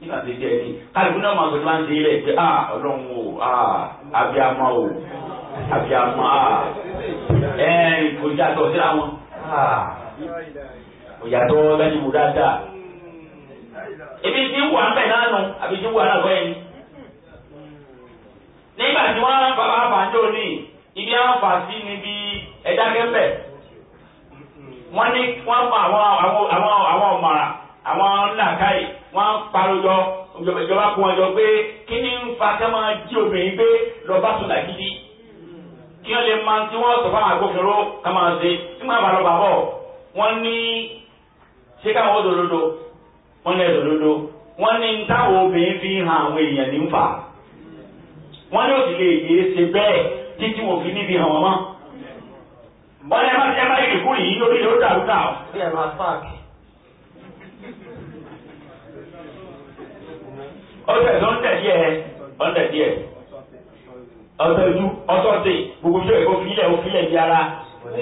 nígbà tí jẹ́ ẹni kálukú náà máa sọ̀rọ̀ ń ṣe ilẹ̀ pé ah ọlọ́run o ah abiyamọ o abiyamọ ah ẹ̀ kò yàtọ̀ síra wọn ah kò yàtọ̀ lẹ́yìn wò dáadáa ebi ti wà ń bẹ̀ náà nù àbí ti wà náà lọ́yẹ̀ ni. nígbà tí wọ́n rán bàbá àbájọ ní ibi àǹfààní níbi ẹ̀dá kẹ́fẹ̀ wọ́n ní wọ́n mọ àwọn àwọn àwọn àwọn ọ̀mọ̀ràn àwọn ńlàkàyè wọ́n parojọ ìjọba kún ọjọ́ pé kí ni ń fa kẹ́ máa jí obìnrin gbé lọ́ba tó dàgídí kí wọ́n lè máa tí wọ́n sọ fáwọn agbófinró ká máa ṣe nígbà bàbá bọ̀ wọ́n ní ṣé káwọn ó dòdòdò wọ́n lẹ̀ lòdodo wọ́n ní táwọn obìnrin fi hàn àwọn èèyàn ní fà wọ́n ní òsì lè yé ṣe bẹ́ẹ̀ títí wọ́n fi níbi hàn wọ́n mọ́ wọ́n lẹ́ má ṣe má yìí kú yìí lórí yóò dàrú dà ó. ọ̀sẹ̀ tó ń tẹ̀ díẹ̀ ọ̀sẹ̀ díẹ̀ ọ̀tọ̀jú ọ̀tọ̀tẹ̀ gbogbo bí ó yẹ kó filẹ̀ ó filẹ̀ di ara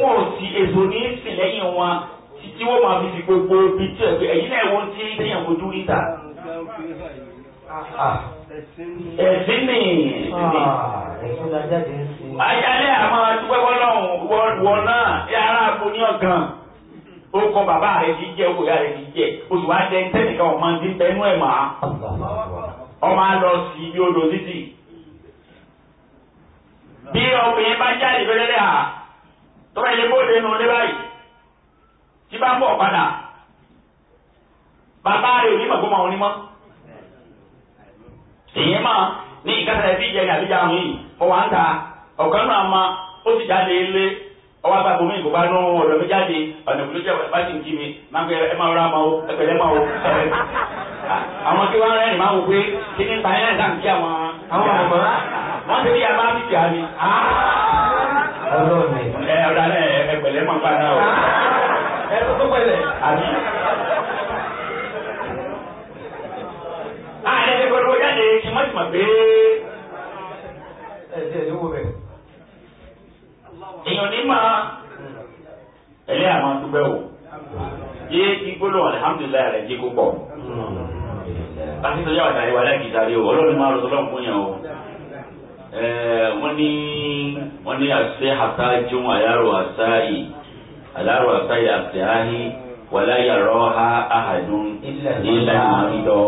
wọn ò sí èso ní sílẹ̀yìn wọn títí wọ́n máa fi fi gbogbo bí tí ẹ̀ pé ẹ̀yin náà wọ́n ti déyàn fojú rí ta. ẹ̀sìn ni ẹ̀sìn ni ajalẹ̀ àmọ́ dúpẹ́ bọ́lọ́hún wọ náà yàrá àbóní ọ̀gàn orúkọ bàbá rẹ ti jẹ owó ìyá rẹ ti jẹ oṣù wa jẹ ntẹnìkan ọmọ ti bẹnu ẹ máa ọmọ alọ sí ibi odò títì bí ọkùnrin bá jáde fẹlẹ́lẹ́ à tọ́ba ilé bóde nù lé báyìí tí bá ń bọ̀ padà bàbá rẹ̀ òní mọ̀gbọ́n máa ń rímọ́ èyí máa ní ìkàtà ẹbí jẹ ní àbíjà àwọn yìí ọwọ́ à ń ta ọ̀kan náà ma ó sì jáde lé ọwọ́ àgbàgbọ́ mi kò bá lọ́ ọ̀dọ̀ mi jáde ọ̀nà kò ló jẹ́ bá sì ń kí mi máa ń pẹ́ ẹ máa rọra máa wo ẹ pẹ̀lẹ́ máa wo àwọn tí wọ́n rẹ́rìn máa wò pé kí ní ta ẹ̀rẹ́ dáhùn kí àwọn ọmọ wọn ti rí abá mi kì á ni. ọlọ́ọ̀ni ẹ ọ̀dà ẹ pẹ̀lẹ́ máa padà ọ̀ ṣẹlẹ̀ àbí. àyẹ̀ ti gbọdọ̀ jáde kí n má ti mọ̀ pé ẹ̀jẹ̀ ló wọ bẹ̀. èèyàn ní máa ẹlẹ́ àwọn dúpẹ́ o yé igbóló alihamudulilayi rẹ̀ jí kó pọ̀ láti sọ yàrá ìwà lẹ́yìn ìdarí o ọlọ́run máa rọ̀ sọ́lọ́run fún yẹn o wọ́n ní wọ́n ní àṣẹ àtàjùn àyàrò àṣà yìí aláàrọ̀ àtàyè àtìáhí wàláyà rọ́ha ahàdùn nílẹ̀ àmìdọ́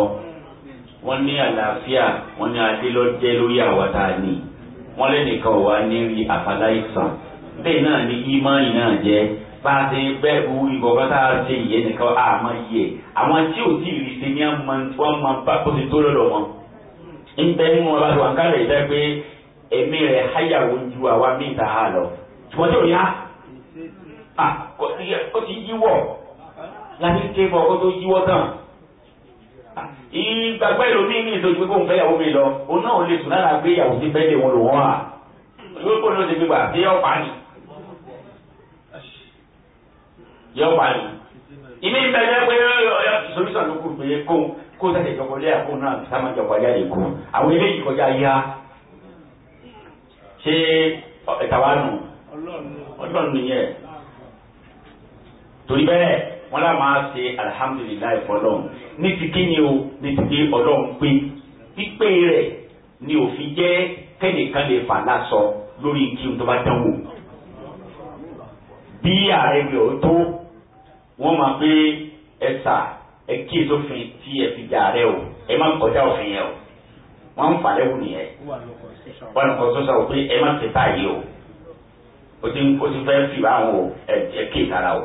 wọ́n ní àlàáfíà wọ́n ní adélọ́jẹ́ lórí àwàtà ni wọ́n lẹ́nìkan wà ní rí àfàláìsàn bẹ́ẹ̀ náà ni ímánì náà jẹ́ bá a ṣe bẹ́ẹ̀ bu ìbọn bá tá a ṣe ìyẹn nìkan àmọ́ yìí ẹ̀ àwọn tí ò tí ì rí ṣe ní wọ́n máa bá bó ti tó lọ́dọ̀ wọn nbẹ nínú ọba tó wà ń kálẹ̀ ìdá pé ẹ̀mí rẹ̀ háyàwó ju àwa míì tá a lọ ṣùgbọ́n tí ò ní á ó ti yíwọ̀ láti ké bọ̀ kó tó yíwọ́ tán ìgbàgbọ́ ìlòmí ní ìlú ìgbé fóun fẹ́yàwó mi lọ òun náà lè sùn lára gbé ìyàwó sí bẹ́ẹ̀ wọn lò wọ́n à ìwé kò ló ti sí ọ̀pá ni yọ ọ̀pá ni ìmí ìbẹ̀rẹ̀ pé solution ló kù pé kó kó sẹ̀sẹ̀ jọkọlé àfóun náà sáma jọkọlé àlè kù àwọn eléyìí kọjá yá ṣé ẹ̀ta wa nù ọlọ́run nìyẹn torí bẹ́ẹ̀ wọ́n lá máa ṣe alihamudulilayi fọlọ́hún ní ti kíni o ní ti pé ọlọ́run pé pípé rẹ̀ ni òfin jẹ́ kẹ́nìkan lè fà lásọ lórí kí n tó bá dánwò bí ààrẹ rẹ̀ ó tó wọ́n máa pé ẹ̀sà ẹ̀kí ìsòfin tí ẹ̀ fi dà rẹ̀ o ẹ̀ máa ń kọjá òfin yẹn o wọ́n ń falẹ̀ wù nìyẹn wọ́n lọ́kọ̀ sọ́sọ́ o pé ẹ̀ máa ń tẹ̀ báyìí o o ti fẹ́ fi báwọn o ẹ̀kí ìtara o.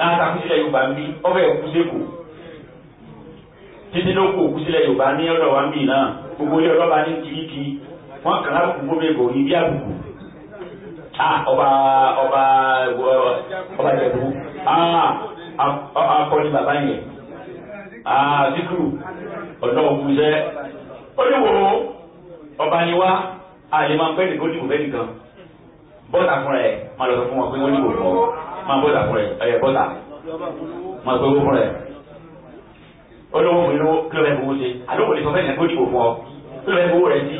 láàtàkùsílẹ̀ yorùbá ń bí ọbẹ̀ òkúsẹ́kù títí ló kó òkúsílẹ̀ yorùbá ní ọ̀dọ̀ wa ń bì náà gbogbo ilé ọlọ́ba ní kìkì wọ́n kàn lábùkù gbóbe gò ní bí àbùkù ọba ọba ọba ìjẹ̀bú akọni bàbá yẹn síkúrù ọ̀dọ́ òkúsẹ́ oníwò ọba ni zikuru. àlè máa ń pẹ́ nìkan dìbò fẹ́ nìkan bọ́ọ̀tà fúnra ẹ̀ máa lọ sọ fún wọn pé wọ́n dìbò fún ọ máa bọ́ta fún rẹ̀ ọ̀yẹ̀ bọ́ta máa gbé owó fún rẹ̀ olówó mi lówó kí ló fẹ́ fowó ṣe àlówó lè sọ fẹ́ yẹn kó dìbò fún ọ kí ló fẹ́ fowó rẹ̀ sí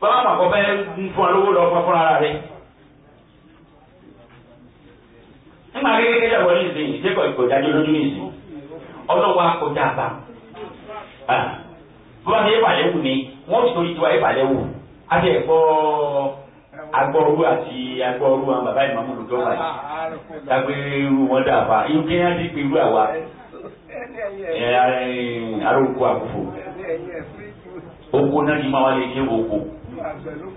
bàbá àwọn àkọ́fẹ́ ń fún ọ lówó lọ fún fúnra rẹ̀ nígbà kékeré jábọ̀ ní ìsìn ìṣẹ́kọ̀ ìkọ̀jáde lójú ní ìsìn ọlọ́wọ́ akọjá àbá bọ́lá ní ìbàlẹ̀ wù ni wọ́n ti torí tiwa ìbàlẹ̀ wù á bẹ̀ gbọ́ agbọ́rú àti ati àwọn bàbá ìmọ̀ olùjọ́ wa yìí dágbé ah, ah, irú wọn dàbà irú kí ti pe àwa aróko àkùfò oko náà ni máa wá lè ké oko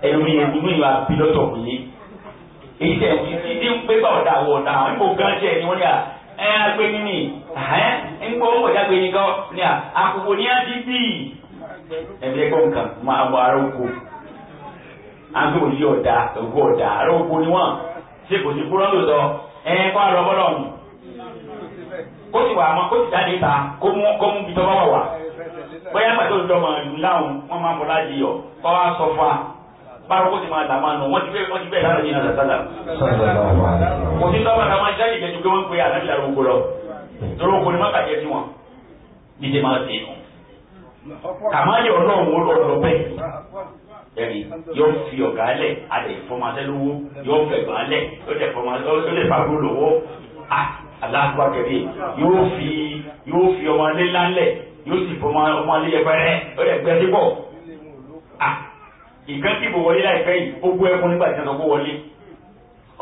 ẹ̀mí ẹ̀dúnú ìwà pílọ́tọ̀ fún yín èyí tẹ̀ wí sí ní ọ̀dà àwọ̀ ọ̀dà àwọn ìbò gan ni wọ́n ní à ẹ agbe nínú ẹ ń gbọ́ owó ìdágbé nìkan ní à àkùkù àgbẹ̀ òyì ọ̀dà ògbó ọ̀dà àrò ògbó ni wọ́n ṣe kò sí kúrọ́ lòtọ́ ẹ kọ́ àrò ọbọ̀dọ̀ mu kó sì wà á mọ kó sì jáde ta kó mú kó mú bitọ́ bá wà wà bóyá pàtó ìlú ọmọ ìlú láwọn wọn máa ń bọ̀ láti yọ kọ́ wa sọ fún wa báwo kó sì máa dàmà nù wọ́n ti bẹ́ẹ̀ wọ́n ti bẹ́ẹ̀ lára yìnyín àtàtà. kò sí tọ́ba ká máa jáde ìjẹ́jú pé wọ́n pe àdájọ́ àrò ògbó lọ ẹ̀rí yóò fi ọ̀gá lẹ̀ adẹ̀ ìfọmọdé lówó yóò fẹ̀gbá lẹ̀ yóò dẹ̀ fọmọdé yóò dẹ̀ fàgbó lọ́wọ́ aláàbò akẹ́rẹ́ yóò fi yóò fi ọmọdé lálẹ̀ yóò sì fọmọ ọmọdé yẹpẹrẹ yóò dẹ̀ gbẹ́ sípò ìkan ah, tí ìbò wọlé láìpẹ́ yìí ó gbọ́ ẹkún nígbà tí wọ́n wọlé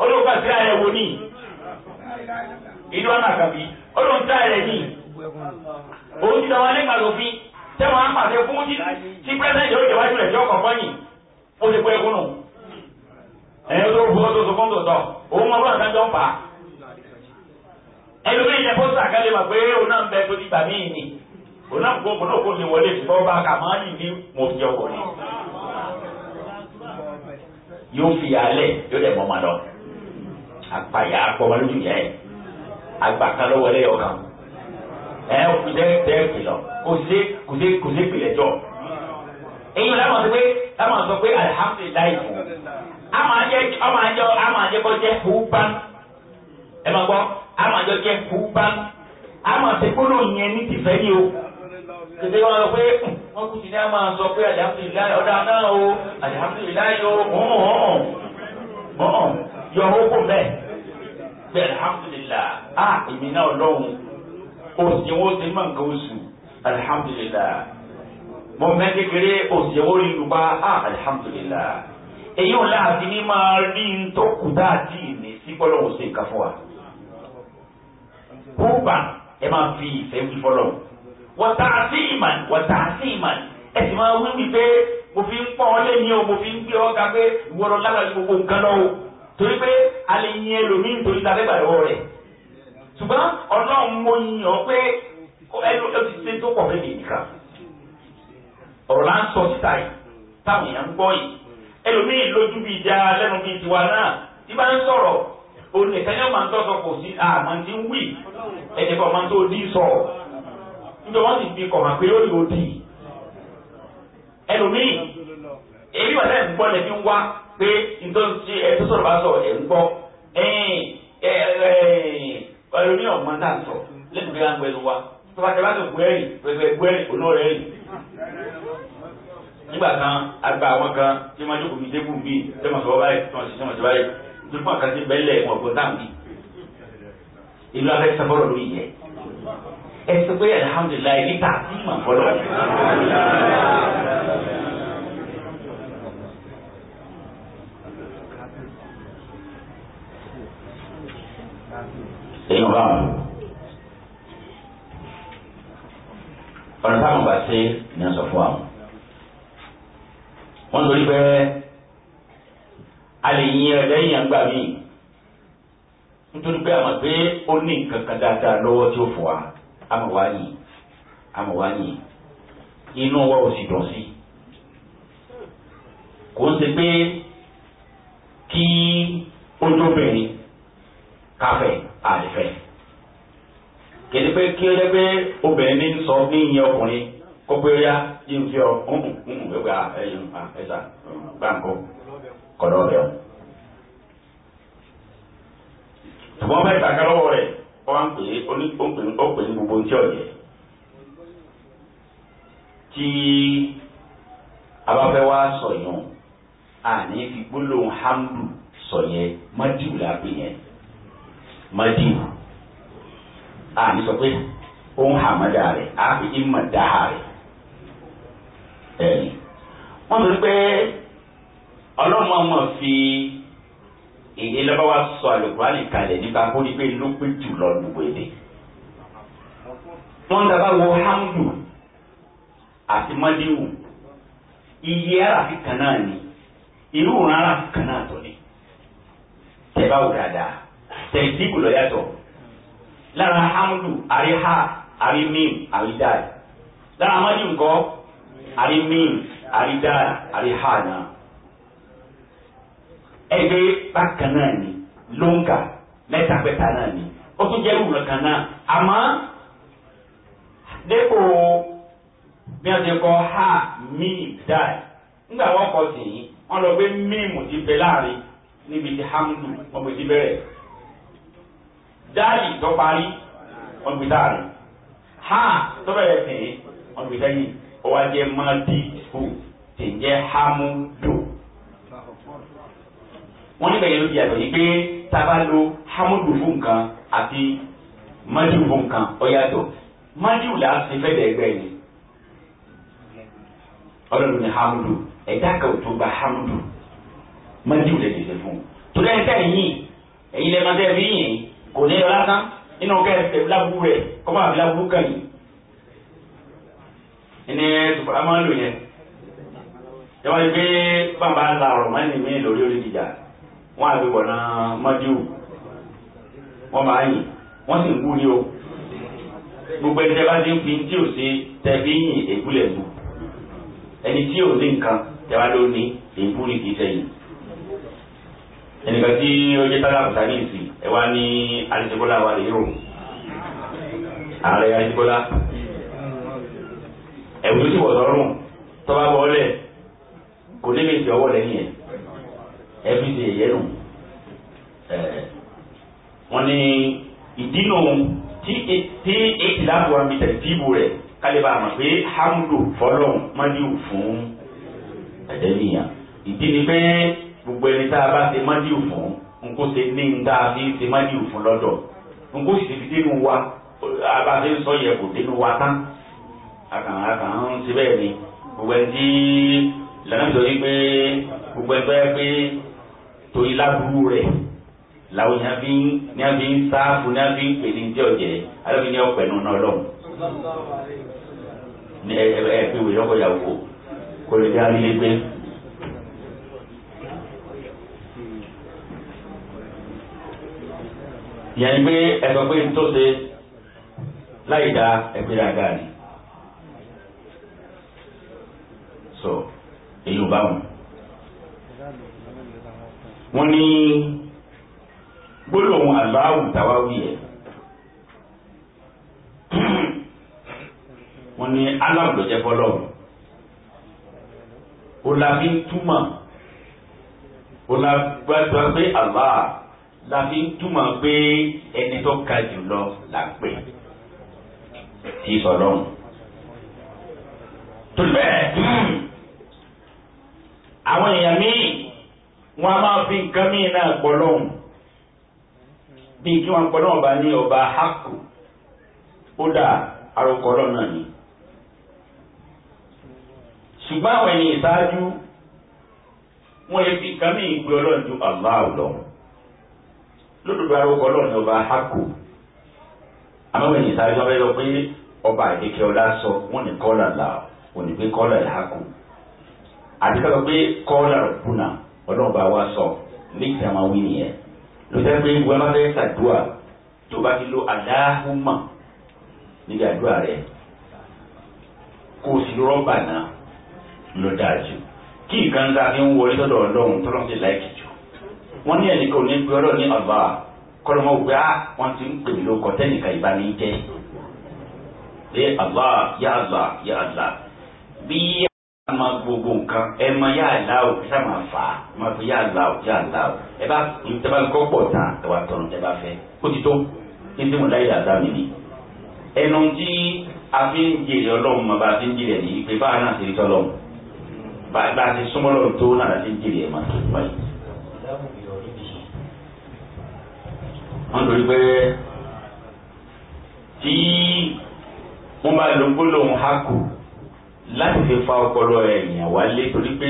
ọlọ́run bá sí ààrẹ wo ní ìlú ọ̀nà àkàbí ọlọ́run sí ààrẹ ní òun ti tàwọn ẹlẹ́gbàá lófin tẹ́wọ̀n á pàṣẹ fún tí pírẹ́sẹ̀ntì ó jẹ́ wájú rẹ̀ ó ti pẹ́ kúnnù ẹ̀yin tó bu ọdún tuntun tó tọ̀ òun máa bá ọ̀sán jọ ń fà á ẹlòmíì jẹ pósítà kálí mà pé òun náà ń bẹ tó ti gbà míì ni òun náà kó òun náà kó lè wọlé ṣùgbọ́n ọba kàmáàlì ní mo fi jọ wọlé yóò fi alẹ̀ yóò dẹ̀ mọ́ ma lọ àpàyà àpọ̀mọlójú yẹ àgbà kan lọ́wọ́ ẹlẹ́yọ̀ kan ẹ kùsẹ́ tẹ́ kìlọ̀ kùsẹ́ kùsẹ́ kùsẹ́ kìlẹ̀ jọ èyí ló dábàá sí pé. ẹ máa sọ pé alihamudulilayi fún a máa jẹ ama máa jẹ a jẹ jẹ ẹ gbọ́ jẹ jẹ sọ ní tìfẹ́ o wọn pé wọn ní sọ pé alihamudulilayi o alihamudulilayi o hàn hàn hàn yọ owó alihamudulilayi o sì wọ́n ti máa ń sùn mo mẹ́ kékeré òsèwó rí lupa ah alihamudulilayi èyí ò láàfin ní máa rí ntọ́kùtà àti ìní sí gbọ́dọ̀ wò sí nǹkan fún wa. kúbà ẹ máa fi ìfẹ́ wí fọlọ́ wọ́tá àti ìmàn wọ́tá àti ìmàn ẹ sì máa wí wípé mo fi ń pọ́n ọ lẹ́yìn o mo fi ń gbé ọ ga pé ìwọ́rọ̀ lára gbogbo nǹkan lọ́wọ́ torí pé a lè yin ẹlòmíì nítorí ta fẹ́ gbàdúrà rẹ̀ ṣùgbọ́n ọlọ́run mo yìn pé ẹlòmíì ti ṣe tó pọ̀ fẹ́ mi nìkan ọ̀rọ̀ là ń sọ síta yìí táwọn èèyàn ń gbọ́ yìí ẹlòmíì lójú bíi ìjà lẹ́nu bíi tiwa náà tí bá ń sọ̀rọ̀ onìkan yóò máa ń tọ́ sọ kò sí àmọ́ ti ń wì ẹ̀jẹ̀ kan máa ń tó dí sọ níbi wọ́n sì fi kọ̀mà pé ó yóò dì ẹlòmíì èyí wà lẹ́yìn gbọ́ lẹ́bí ń wá pé ntọ́sí ẹtí sọ̀rọ̀ bá sọ ẹ̀ ń gbọ́ ẹlòmíì ọ̀gbọ́n náà sọ lẹ́nu bí wọ́n á gbẹ́nu wá tó bá tẹ nígbà kan àgbà àwọn kan tí wọ́n jókòó fi débù mí tẹ́wọ̀n sọ báyìí tí wọ́n sì sẹ́wọ̀n sí báyìí dúpọ̀ kan ti bẹ́lẹ̀ wọn gbọ́ táwọn yìí ìlú afẹ́ sábọ́rọ̀ lórí yẹ ẹ sọ pé alihamudulilayi níta tí mà ń fọlọ́ èèyàn bá wọn ọ̀nà táwọn bá ṣe ni wọ́n fún àwọn wọ́n lórí pé a lè yin rẹ̀ lẹ́yìn àgbà mi nítorí pé a mọ̀ pé ó ní nǹkan kan dáadáa lọ́wọ́ tí ó fọ̀ wá a mọ̀ wá yìí a mọ̀ wá yìí inú wa ò sì dùn sí kò ń ṣe pé kí ó tó bẹ̀rẹ̀ káfẹ́ àlẹ́fẹ́ kì pé kí ó jẹ́ pé obìnrin ní sọ ní ìyẹn ọkùnrin kó pé ó yá yìí ń fi ọ hùhùn hùhùn ẹgbà ẹyìn nǹkan ẹsà gbàǹkó kọ̀dọ̀ ọ̀dẹ̀ ọ. ṣùgbọ́n bá ìgbà kan lọ́wọ́ rẹ̀ ọ wá ń pè é ó ń pè é gbogbo ní tí ọ̀jẹ̀ tí a bá fẹ́ wá sọ̀yàn àní fi hamdu sọ̀yẹn mádìú la pè yẹn mádìú àní sọ pé ó ń hàmádà rẹ̀ àfi ẹ̀mí wọ́n torí pé ọlọ́run ọmọ fi èdè lọ́wọ́ wa sọ àlùkùránì kalẹ̀ nípa kó ní pé ló pé jù lọ gbogbo èdè wọ́n dábàá wo hamdu àti mọ́díwù iye aráàfi kan náà ni irú òun aráàfi kan náà tọ̀ ni tẹ̀ bá wò dáadáa tẹ̀ dínkù lọ yàtọ̀ lára hamdu àríhà àrímìm àrídàì lára mọ́díwù kọ́ àrí míì àrí dáàd àrí hànà ẹgbẹ́ bákan náà ni lóńgà mẹ́tàpẹ́tà náà ni ó tún jẹ́ ìwúrọ̀ kan náà àmọ́ dépò bí wọ́n ti kọ́ ha míì dáàd nígbà wọ́n kọ́ sí i wọ́n lọ gbé míìmù ti bẹ láàrin níbi ti hamdu wọ́n gbé ti bẹ̀rẹ̀ dáàdì tó parí wọ́n gbé dáàrin ha tó bẹ̀rẹ̀ sí i wọ́n gbé ó wá jẹ́ madihu tí ń jẹ́ hamudu wọ́n níbẹ̀ yẹn ló di àgbẹ̀ yìí pé tá a bá lo hamudu fún nǹkan àti madihu fún nǹkan ó yàtọ̀ madihu là á sin fẹ́ dẹ́gbẹ́ yìí ọlọ́run ní hamudu ẹ̀dá kan ò tó gba hamudu madihu lè dèjè fún un tó dẹ́yìn tẹ́yìn yìí ẹ̀yin lẹ́ẹ̀kan tẹ́yìn kò ní lọ lásán nínú kẹ́ẹ̀ẹ́ lábú rẹ̀ kọ́ máa kàn yìí ní tùfà á máa ń lò yẹn ìjọba yìí pé bàbá la ọ̀rọ̀ mọ́ ẹni mi lórí orí ìjà wọ́n àgbẹ̀ bọ̀ náà mọ́jú wọ́n máa yìn wọ́n sì ń kú ní o gbogbo ẹni tẹ́ bá ti ń fi tí ò sí tẹ́ fi ń yìn ègúlẹ̀ mú ẹni tí ò ní nǹkan tẹ́ bá ló ní èébú ní kì í sẹ́yìn ẹnìkan tí ó jẹ́ tálá ní ìsìn ẹ wá ní alẹ́sẹ̀kọ́lá wa lè rò ààrẹ alẹ́sẹ̀kọ́lá ẹ̀wù tó ti wọ̀ lọ́rùn tó bá bọ́ lẹ̀ kò ní bèsì ọwọ́ lẹ́yìn ẹ̀ ẹbí ti yẹ nù wọ́n ní ìdínà tí e, tí èyí láti wá mi tẹ̀ tíìbù rẹ̀ kálíbà àmọ̀ pé hamdu fọlọ́n mádìú fún ẹ̀dẹ́ nìyàn ìdí ni pé gbogbo ẹni tá a bá ṣe mádìú fún n kò ṣe ní n tá a fi ṣe mádìú fún lọ́dọ̀ n kò sì fi dénú wa a bá ṣe ń sọ yẹ kò dénú wa tán akàn akàn ń ṣe bẹ́ẹ̀ ni gbogbo ẹni tí lànà ìtọ́jú pé gbogbo ẹni tó yẹ pé torí láburú rẹ̀ làwọn yẹn fi ní a fi ń sáàfù ní a fi ń pè ní tí ọ̀jẹ̀ alábi ní ọ̀pẹ̀ nù náà lọ́wọ́ ní ẹ ẹ fi wèé ọkọ̀ yàwó kò lè dá ilé gbé. yẹn ni pé ẹ sọ pé n tó ṣe láì dá ẹgbẹ́ dáadáa ni. so èyí ò bá wọn. wọ́n ní gbólóhùn aláwù tàwáwì yẹ wọ́n ní aláwù ló jẹ́ fọlọ́ o la fi túmọ̀ o la gbàgbà pé àlá la fi túmọ̀ pé ẹni tó ka jùlọ là ń pè tí sọlọ́run tó bẹ́ẹ̀ àwọn èèyàn míì wọn a máa fi nǹkan míì náà gbọ́ lọ́hùn bí kí wọ́n gbọ́ náà bá ní ọba haku ó dà àròkọ náà ni. ṣùgbọ́n àwọn ẹni ìṣáájú wọ́n yẹ fi nǹkan míì gbé ọlọ́run ju Allah lọ́hùn lódodo àròkọ lọ́hùn ní ọba haku àmọ́ ẹni ìṣáájú wọn fẹ́ lọ pé ọba àdékẹ́ ọlá sọ wọ́n ní kọ́là là wọ́n ní pé kọ́là là àti ká lọ pé kọ́ọ̀lá rọ̀bùnà ọlọ́run bá wa sọ méjì àwọn awí nìyẹn ló jẹ́ pé wọ́n bá fẹ́ ṣàdúrà tó bá ti lo aláhùmà níbi àdúrà rẹ̀ kó o sì rọ́bà náà ló dáa jù kí nǹkan tá a fi ń wọlé sọ́dọ̀ ọlọ́run tọ́lọ́run ti láìkì jù wọ́n ní ẹnìkan ní gbé ọlọ́run ní ọ̀bà kọ́lọ́mọ ògbé á wọ́n ti ń pè mí lóko tẹ́nìkan ìbámi jẹ́ pé Allah ya Allah ya Allah bí ma gbogbo nǹkan ẹ ma yà lá o kí sá ma fà á ma fi yà lá o yà lá o ẹ bá ìjọba kọ́ pọ̀ tán ẹ wà tọ̀nù ẹ bá fẹ́ ó ti tó kí n tí mo láyé àdá mi ni. ẹnu tí a fi ń jèrè ọlọ́run ma bá a fi ń jèrè ní ìpè báwa náà ti rí tọ́lọ́run bá ti súnmọ́ lọ́run tó náà láti jèrè ẹ̀ ma tó báyìí. wọ́n lórí pé tí wọ́n bá lo gbólóhùn hákù láti fi fa ọpọlọ ẹ̀yàn wálé torí pé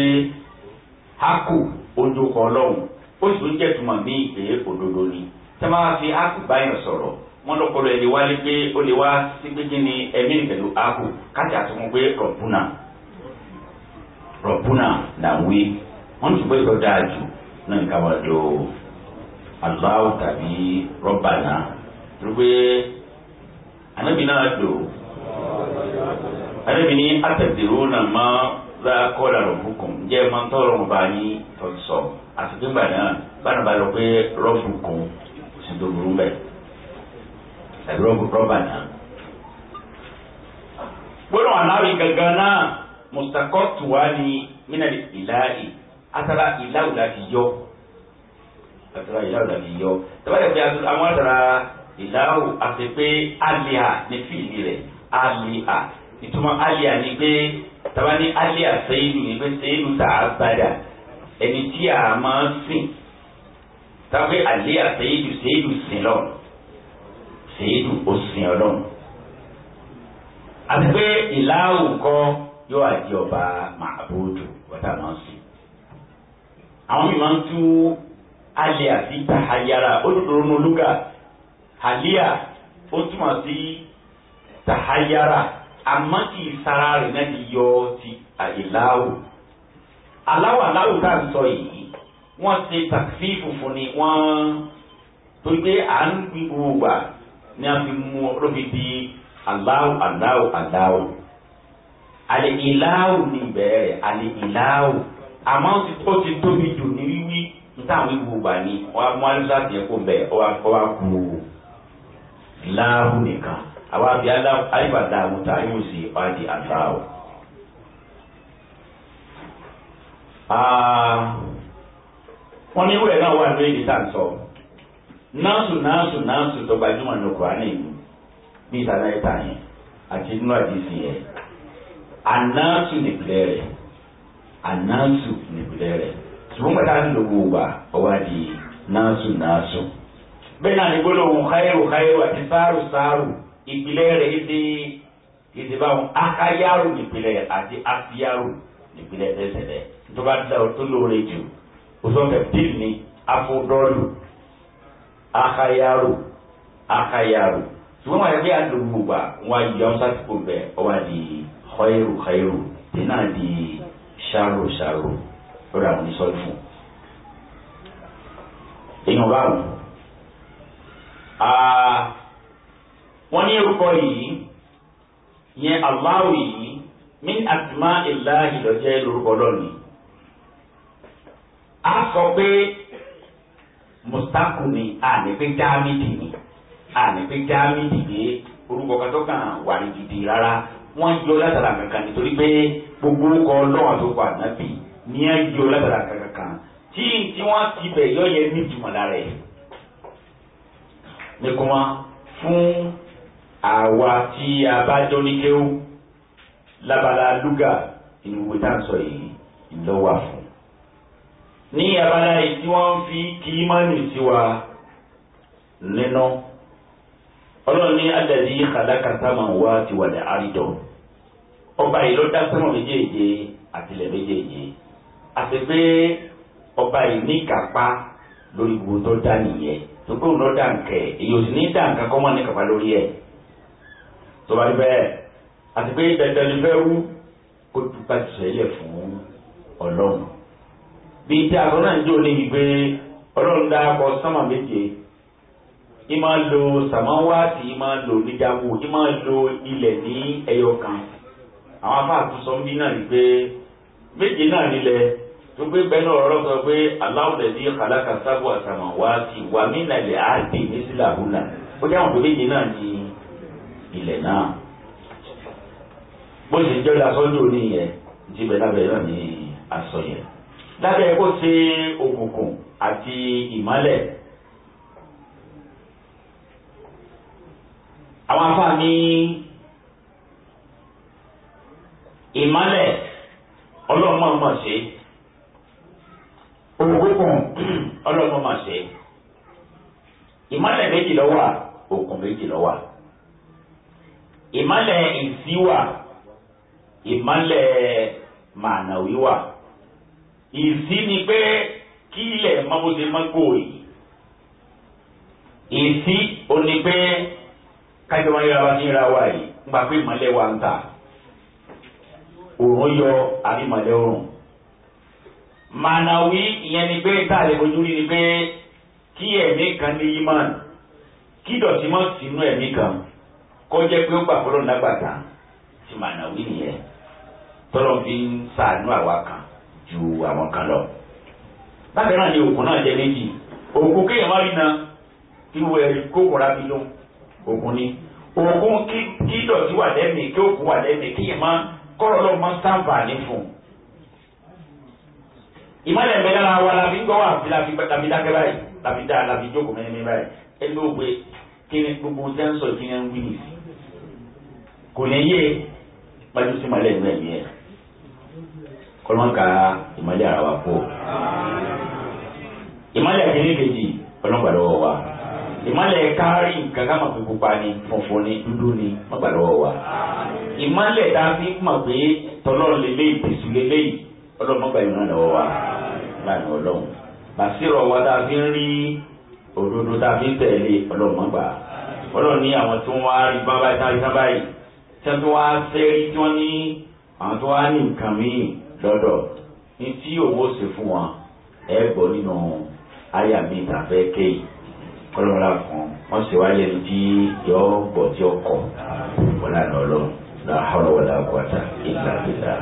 hákù ojúkọ ọlọ́run ó sì ń jẹ́ túmọ̀ ní ìpè òdodo ni tí wọ́n máa fi hákù báyọ̀ sọ̀rọ̀ wọ́n lọ́pọlọ ẹ̀yẹ wálé pé ó lè wá sí pé kí ni ẹ̀mí ìpẹ̀lú hákù káàtì àtúnwò pé rọ̀bùnà rọ̀bùnà làwí wọ́n ti gbé ìtọ́jà jù náà nǹkan wà lọ aláwọ̀ tàbí rọ́bà náà torí pé anábì náà lò ó anabi ní atẹ̀dẹ̀rọ na ma bá kọ́lá rọ̀ fúnkùn jẹ́ máa ń tọrọ wọn bá yín tọ́ sọ àti pé gbà náà bára bá lọ pé rọ́ọ̀fù kùn sí tó burú bẹ́ẹ̀ tàbí rọ́ọ̀bà náà. gangan náà mustakọ́ tuwa ni mina ìlàyé atara ìlàwù láti yọ atara ìlàwù láti yọ tàbí àti àwọn atara ìlàwù àti pé àlìhà ní fíìlì rẹ̀ àlìhà ìtumọ̀ aliya ni pé taba ni aliya sẹ́yìnù ni pé sẹ́yìnù tà á bàdà ẹni tí a máa sìn tàbí aliya sẹ́yìnù sẹ́yìnù sìn lọ sẹ́yìnù ó sìn ọlọ́run àti pé ìlàwù kọ́ yóò àjẹ ọba màbúdù wọ́tà máa sìn àwọn mi máa ń tú aliya sí tahayara ó dúró nínú lúgà aliya ó túmọ̀ sí tahayara àmọ́ kì í sara rẹ̀ náà ti yọ ti àìláwò aláwọ̀ aláwò tá à ń sọ yìí wọ́n ti tàkìfì funfun ni wọ́n torí pé à ń gbí gbogbo wa ni a fi mú lóbi di aláwò aláwò aláwò àlè ìláwò ni bẹ̀rẹ̀ àlè ìláwò àmọ́ ó ti tóbi jù ní wíwí ntàwọn ìwò gbà ní wọ́n á mú alùpùpù àti ẹ̀kọ́ bẹ̀ ọ́ wá kú láàrú nìkan àwọn àbí àyíbàdà àwùtà yóò sì pàdé àṣà o. wọ́n ní ìwé náà wà ní èdè tá à ń sọ náàsù náàsù náàsù tó gbajúmọ̀ ní Kùránì bí ìtàlẹ́ ìta yẹn àti inú àdìsí yẹn anáàsù nìpìlẹ̀ rẹ̀ anáàsù nìpìlẹ̀ rẹ̀ ṣùgbọ́n pẹ̀lú àti lògbò wà ọwọ́ àdìyẹ náàsù náàsù bẹ́ẹ̀ náà ní gbólóhùn káyérò káyérò àti sáàrù sáàrù ìpìlẹ̀ rẹ̀ yìí ti ìdí báwọn akáyárò nìpìlẹ̀ àti akíyárò nìpìlẹ̀ tẹ̀sẹ̀lẹ̀ tó bá dá o tó lóore jù òsòfẹ̀ bíl ni afọdọ́lù akáyárò akáyárò ṣùgbọ́n wọn yẹ àdúgbò wa wọn yọ ọ́n sásìkò ọba di xọ́yèrò xọ́yèrò tí náà di ṣàrò ṣàrò lọ́dọ̀ àwọn oníṣọ́lù fún èèyàn báwo wọ́n ní orúkọ yìí yẹn Allahu yìí min asima ilahi lọ́jẹ́ lórúkọ lọ́nìí a sọ pé mustaku ni àní pé dámídì ni àní pé dé orúkọ kátó kan wàrí gidi rárá wọ́n yọ látara kankan nítorí pé gbogbo orúkọ ọlọ́wọ́ tó kọ ànábì ní ẹ yọ látara kankan tí tí wọ́n ti bẹ̀ yọ yẹn ní ìtumọ̀ lára ẹ̀ nìkan wọn fún àwa tí a bá jọ ní kéwú lábala lúgà ìlú wo tá à ń sọ yìí ìlọ́wà fún. ní abala yìí tí wọ́n fi kí mánì sí wa nínú ọlọ́run ní alẹ́dí kàdákà sáman wá ti wà ní àrídọ̀ ọba yìí ló dá sánmọ̀ méjèèjì àtìlẹ̀ méjèèjì àti pé ọba yìí ní kápá lórí gbogbo tó dá nìyẹn tó gbóhùn lọ́dà nkẹ́ èyí ò sì ní dà nǹkan kọ́mọ́ ní kápá lórí ẹ̀ tó bá rí bẹ́ẹ̀ àti pé dandan ni fẹ́ wú kó dúpá sẹ́lẹ̀ fún ọlọ́run bí tí àgọ́ náà ń jò ní wípé ọlọ́run dá akọ sánmà méje ìmọ̀ lo sàmáwáàtì ìmọ̀ lo níjàwó ìmọ̀ lo ilẹ̀ ní ẹyọ kan àwọn afáàtú sọ ń bí náà wípé méje náà nílẹ̀ gbogbo ìbẹ́nu ọ̀rọ̀ sọ pé aláwùdẹ̀dí kàlákà sábò àtàmọ̀wá ti wà mí nàlẹ́ àdè ní sílàhùnà ó jẹ́ àwọn tó méje náà ní ilẹ̀ náà bó ṣe jẹ́ lásọ́jọ́ oníyẹn ti bẹ̀ lábẹ́ náà ní aṣọ yẹn lábẹ́ kó ṣe òkùnkùn àti ìmọ́lẹ̀ àwọn afá ní ìmọ́lẹ̀ ọlọ́mọ mọ̀ ṣe òkùnkùn ọlọ́mọ ìmọ́lẹ̀ méjì wà òkùn méjì wà ìmọ̀lẹ̀ ìsíwà ìmọ̀lẹ̀ mànàwíwà ìsí ni pé kí ilẹ̀ mọ́bóse mọ́gbò yìí ìsí o ní pé kájọ máa yára wa ní wa yìí ń gbà pé ìmọ̀lẹ̀ wa ń ta òòrùn yọ àbí ìmọ̀lẹ̀ òòrùn mànàwí ìyẹn ni pé tá a lè fojú rí ni pé kí ẹ̀mí kan ní yimán kí dọ̀tí mọ́ sínú ẹ̀mí kan kọjá pé ó gbà fọlọ́ lágbàtà tí mànàwí nìyẹn tọ́lọ́ fi ń sàánú àwa kan ju àwọn kan lọ. bákan náà ni òkun náà jẹ méjì òkun kéèyàn wá rí na kí wọ́n ẹ̀rí kókòrá fi lóhùn òkun ni òkun kí dọ̀tí wà lẹ́mìí kí òkun wà lẹ́mìí kí yẹn máa kọ́rọ̀ lọ́wọ́ máa ń sáǹfà ní fún un ìmọ̀lẹ̀ ẹ̀mẹ́ dára wa la fi ń gbọ́ wà fi la fi tàbí dákẹ́ báyìí tàbí dáa la fi jókòó mẹ́rin báyìí ẹ ló gbé kí ni gbogbo sẹ́ńsọ̀ kí ni ń wí nìyí kò ní yé pàjù sí màlẹ́ ìlú ẹ̀mí ẹ̀ kọ́lọ́ǹkà ìmọ̀lẹ́ ara wa kú ìmọ̀lẹ́ kìíní kejì ọlọ́ǹgbà lọ́wọ́ wa ìmọ̀lẹ̀ kárí nǹkan ká mọ̀ pé pupa ni funfun ni dúdú ni mọ̀gbà lọ́wọ́ wa ìmọ̀lẹ̀ tá a fi mọ̀ pé tọ́lọ́ lélẹ́ ìpèsè lélẹ́ yìí ọlọ́run mọ̀gbà yìí lọ́wọ́ wa láàrin ọlọ́run bàṣírọ̀ wa tá fi ń rí òdodo tá fi ń tẹ̀lé ọlọ́run mọ̀gbà ọlọ́run ní àwọn tí wọ́n wá rí bábáyé tẹ́bí wá sẹ́rí tí wọ́n ní àwọn tó wá ní nǹkan míì lọ́dọ̀ ní tí òwò ṣe fún wọn ẹ gbọ́ nínú àyà mi tàbẹ́ kéyì kọ́lọ́mọlá kan wọ́n ṣe wáyé ní tí yọ bọ̀ tí ọkọ̀ wọ́n náà lọ́lọ́ làhọ́rọ̀ wọ́n làkúrọ̀tà ìlà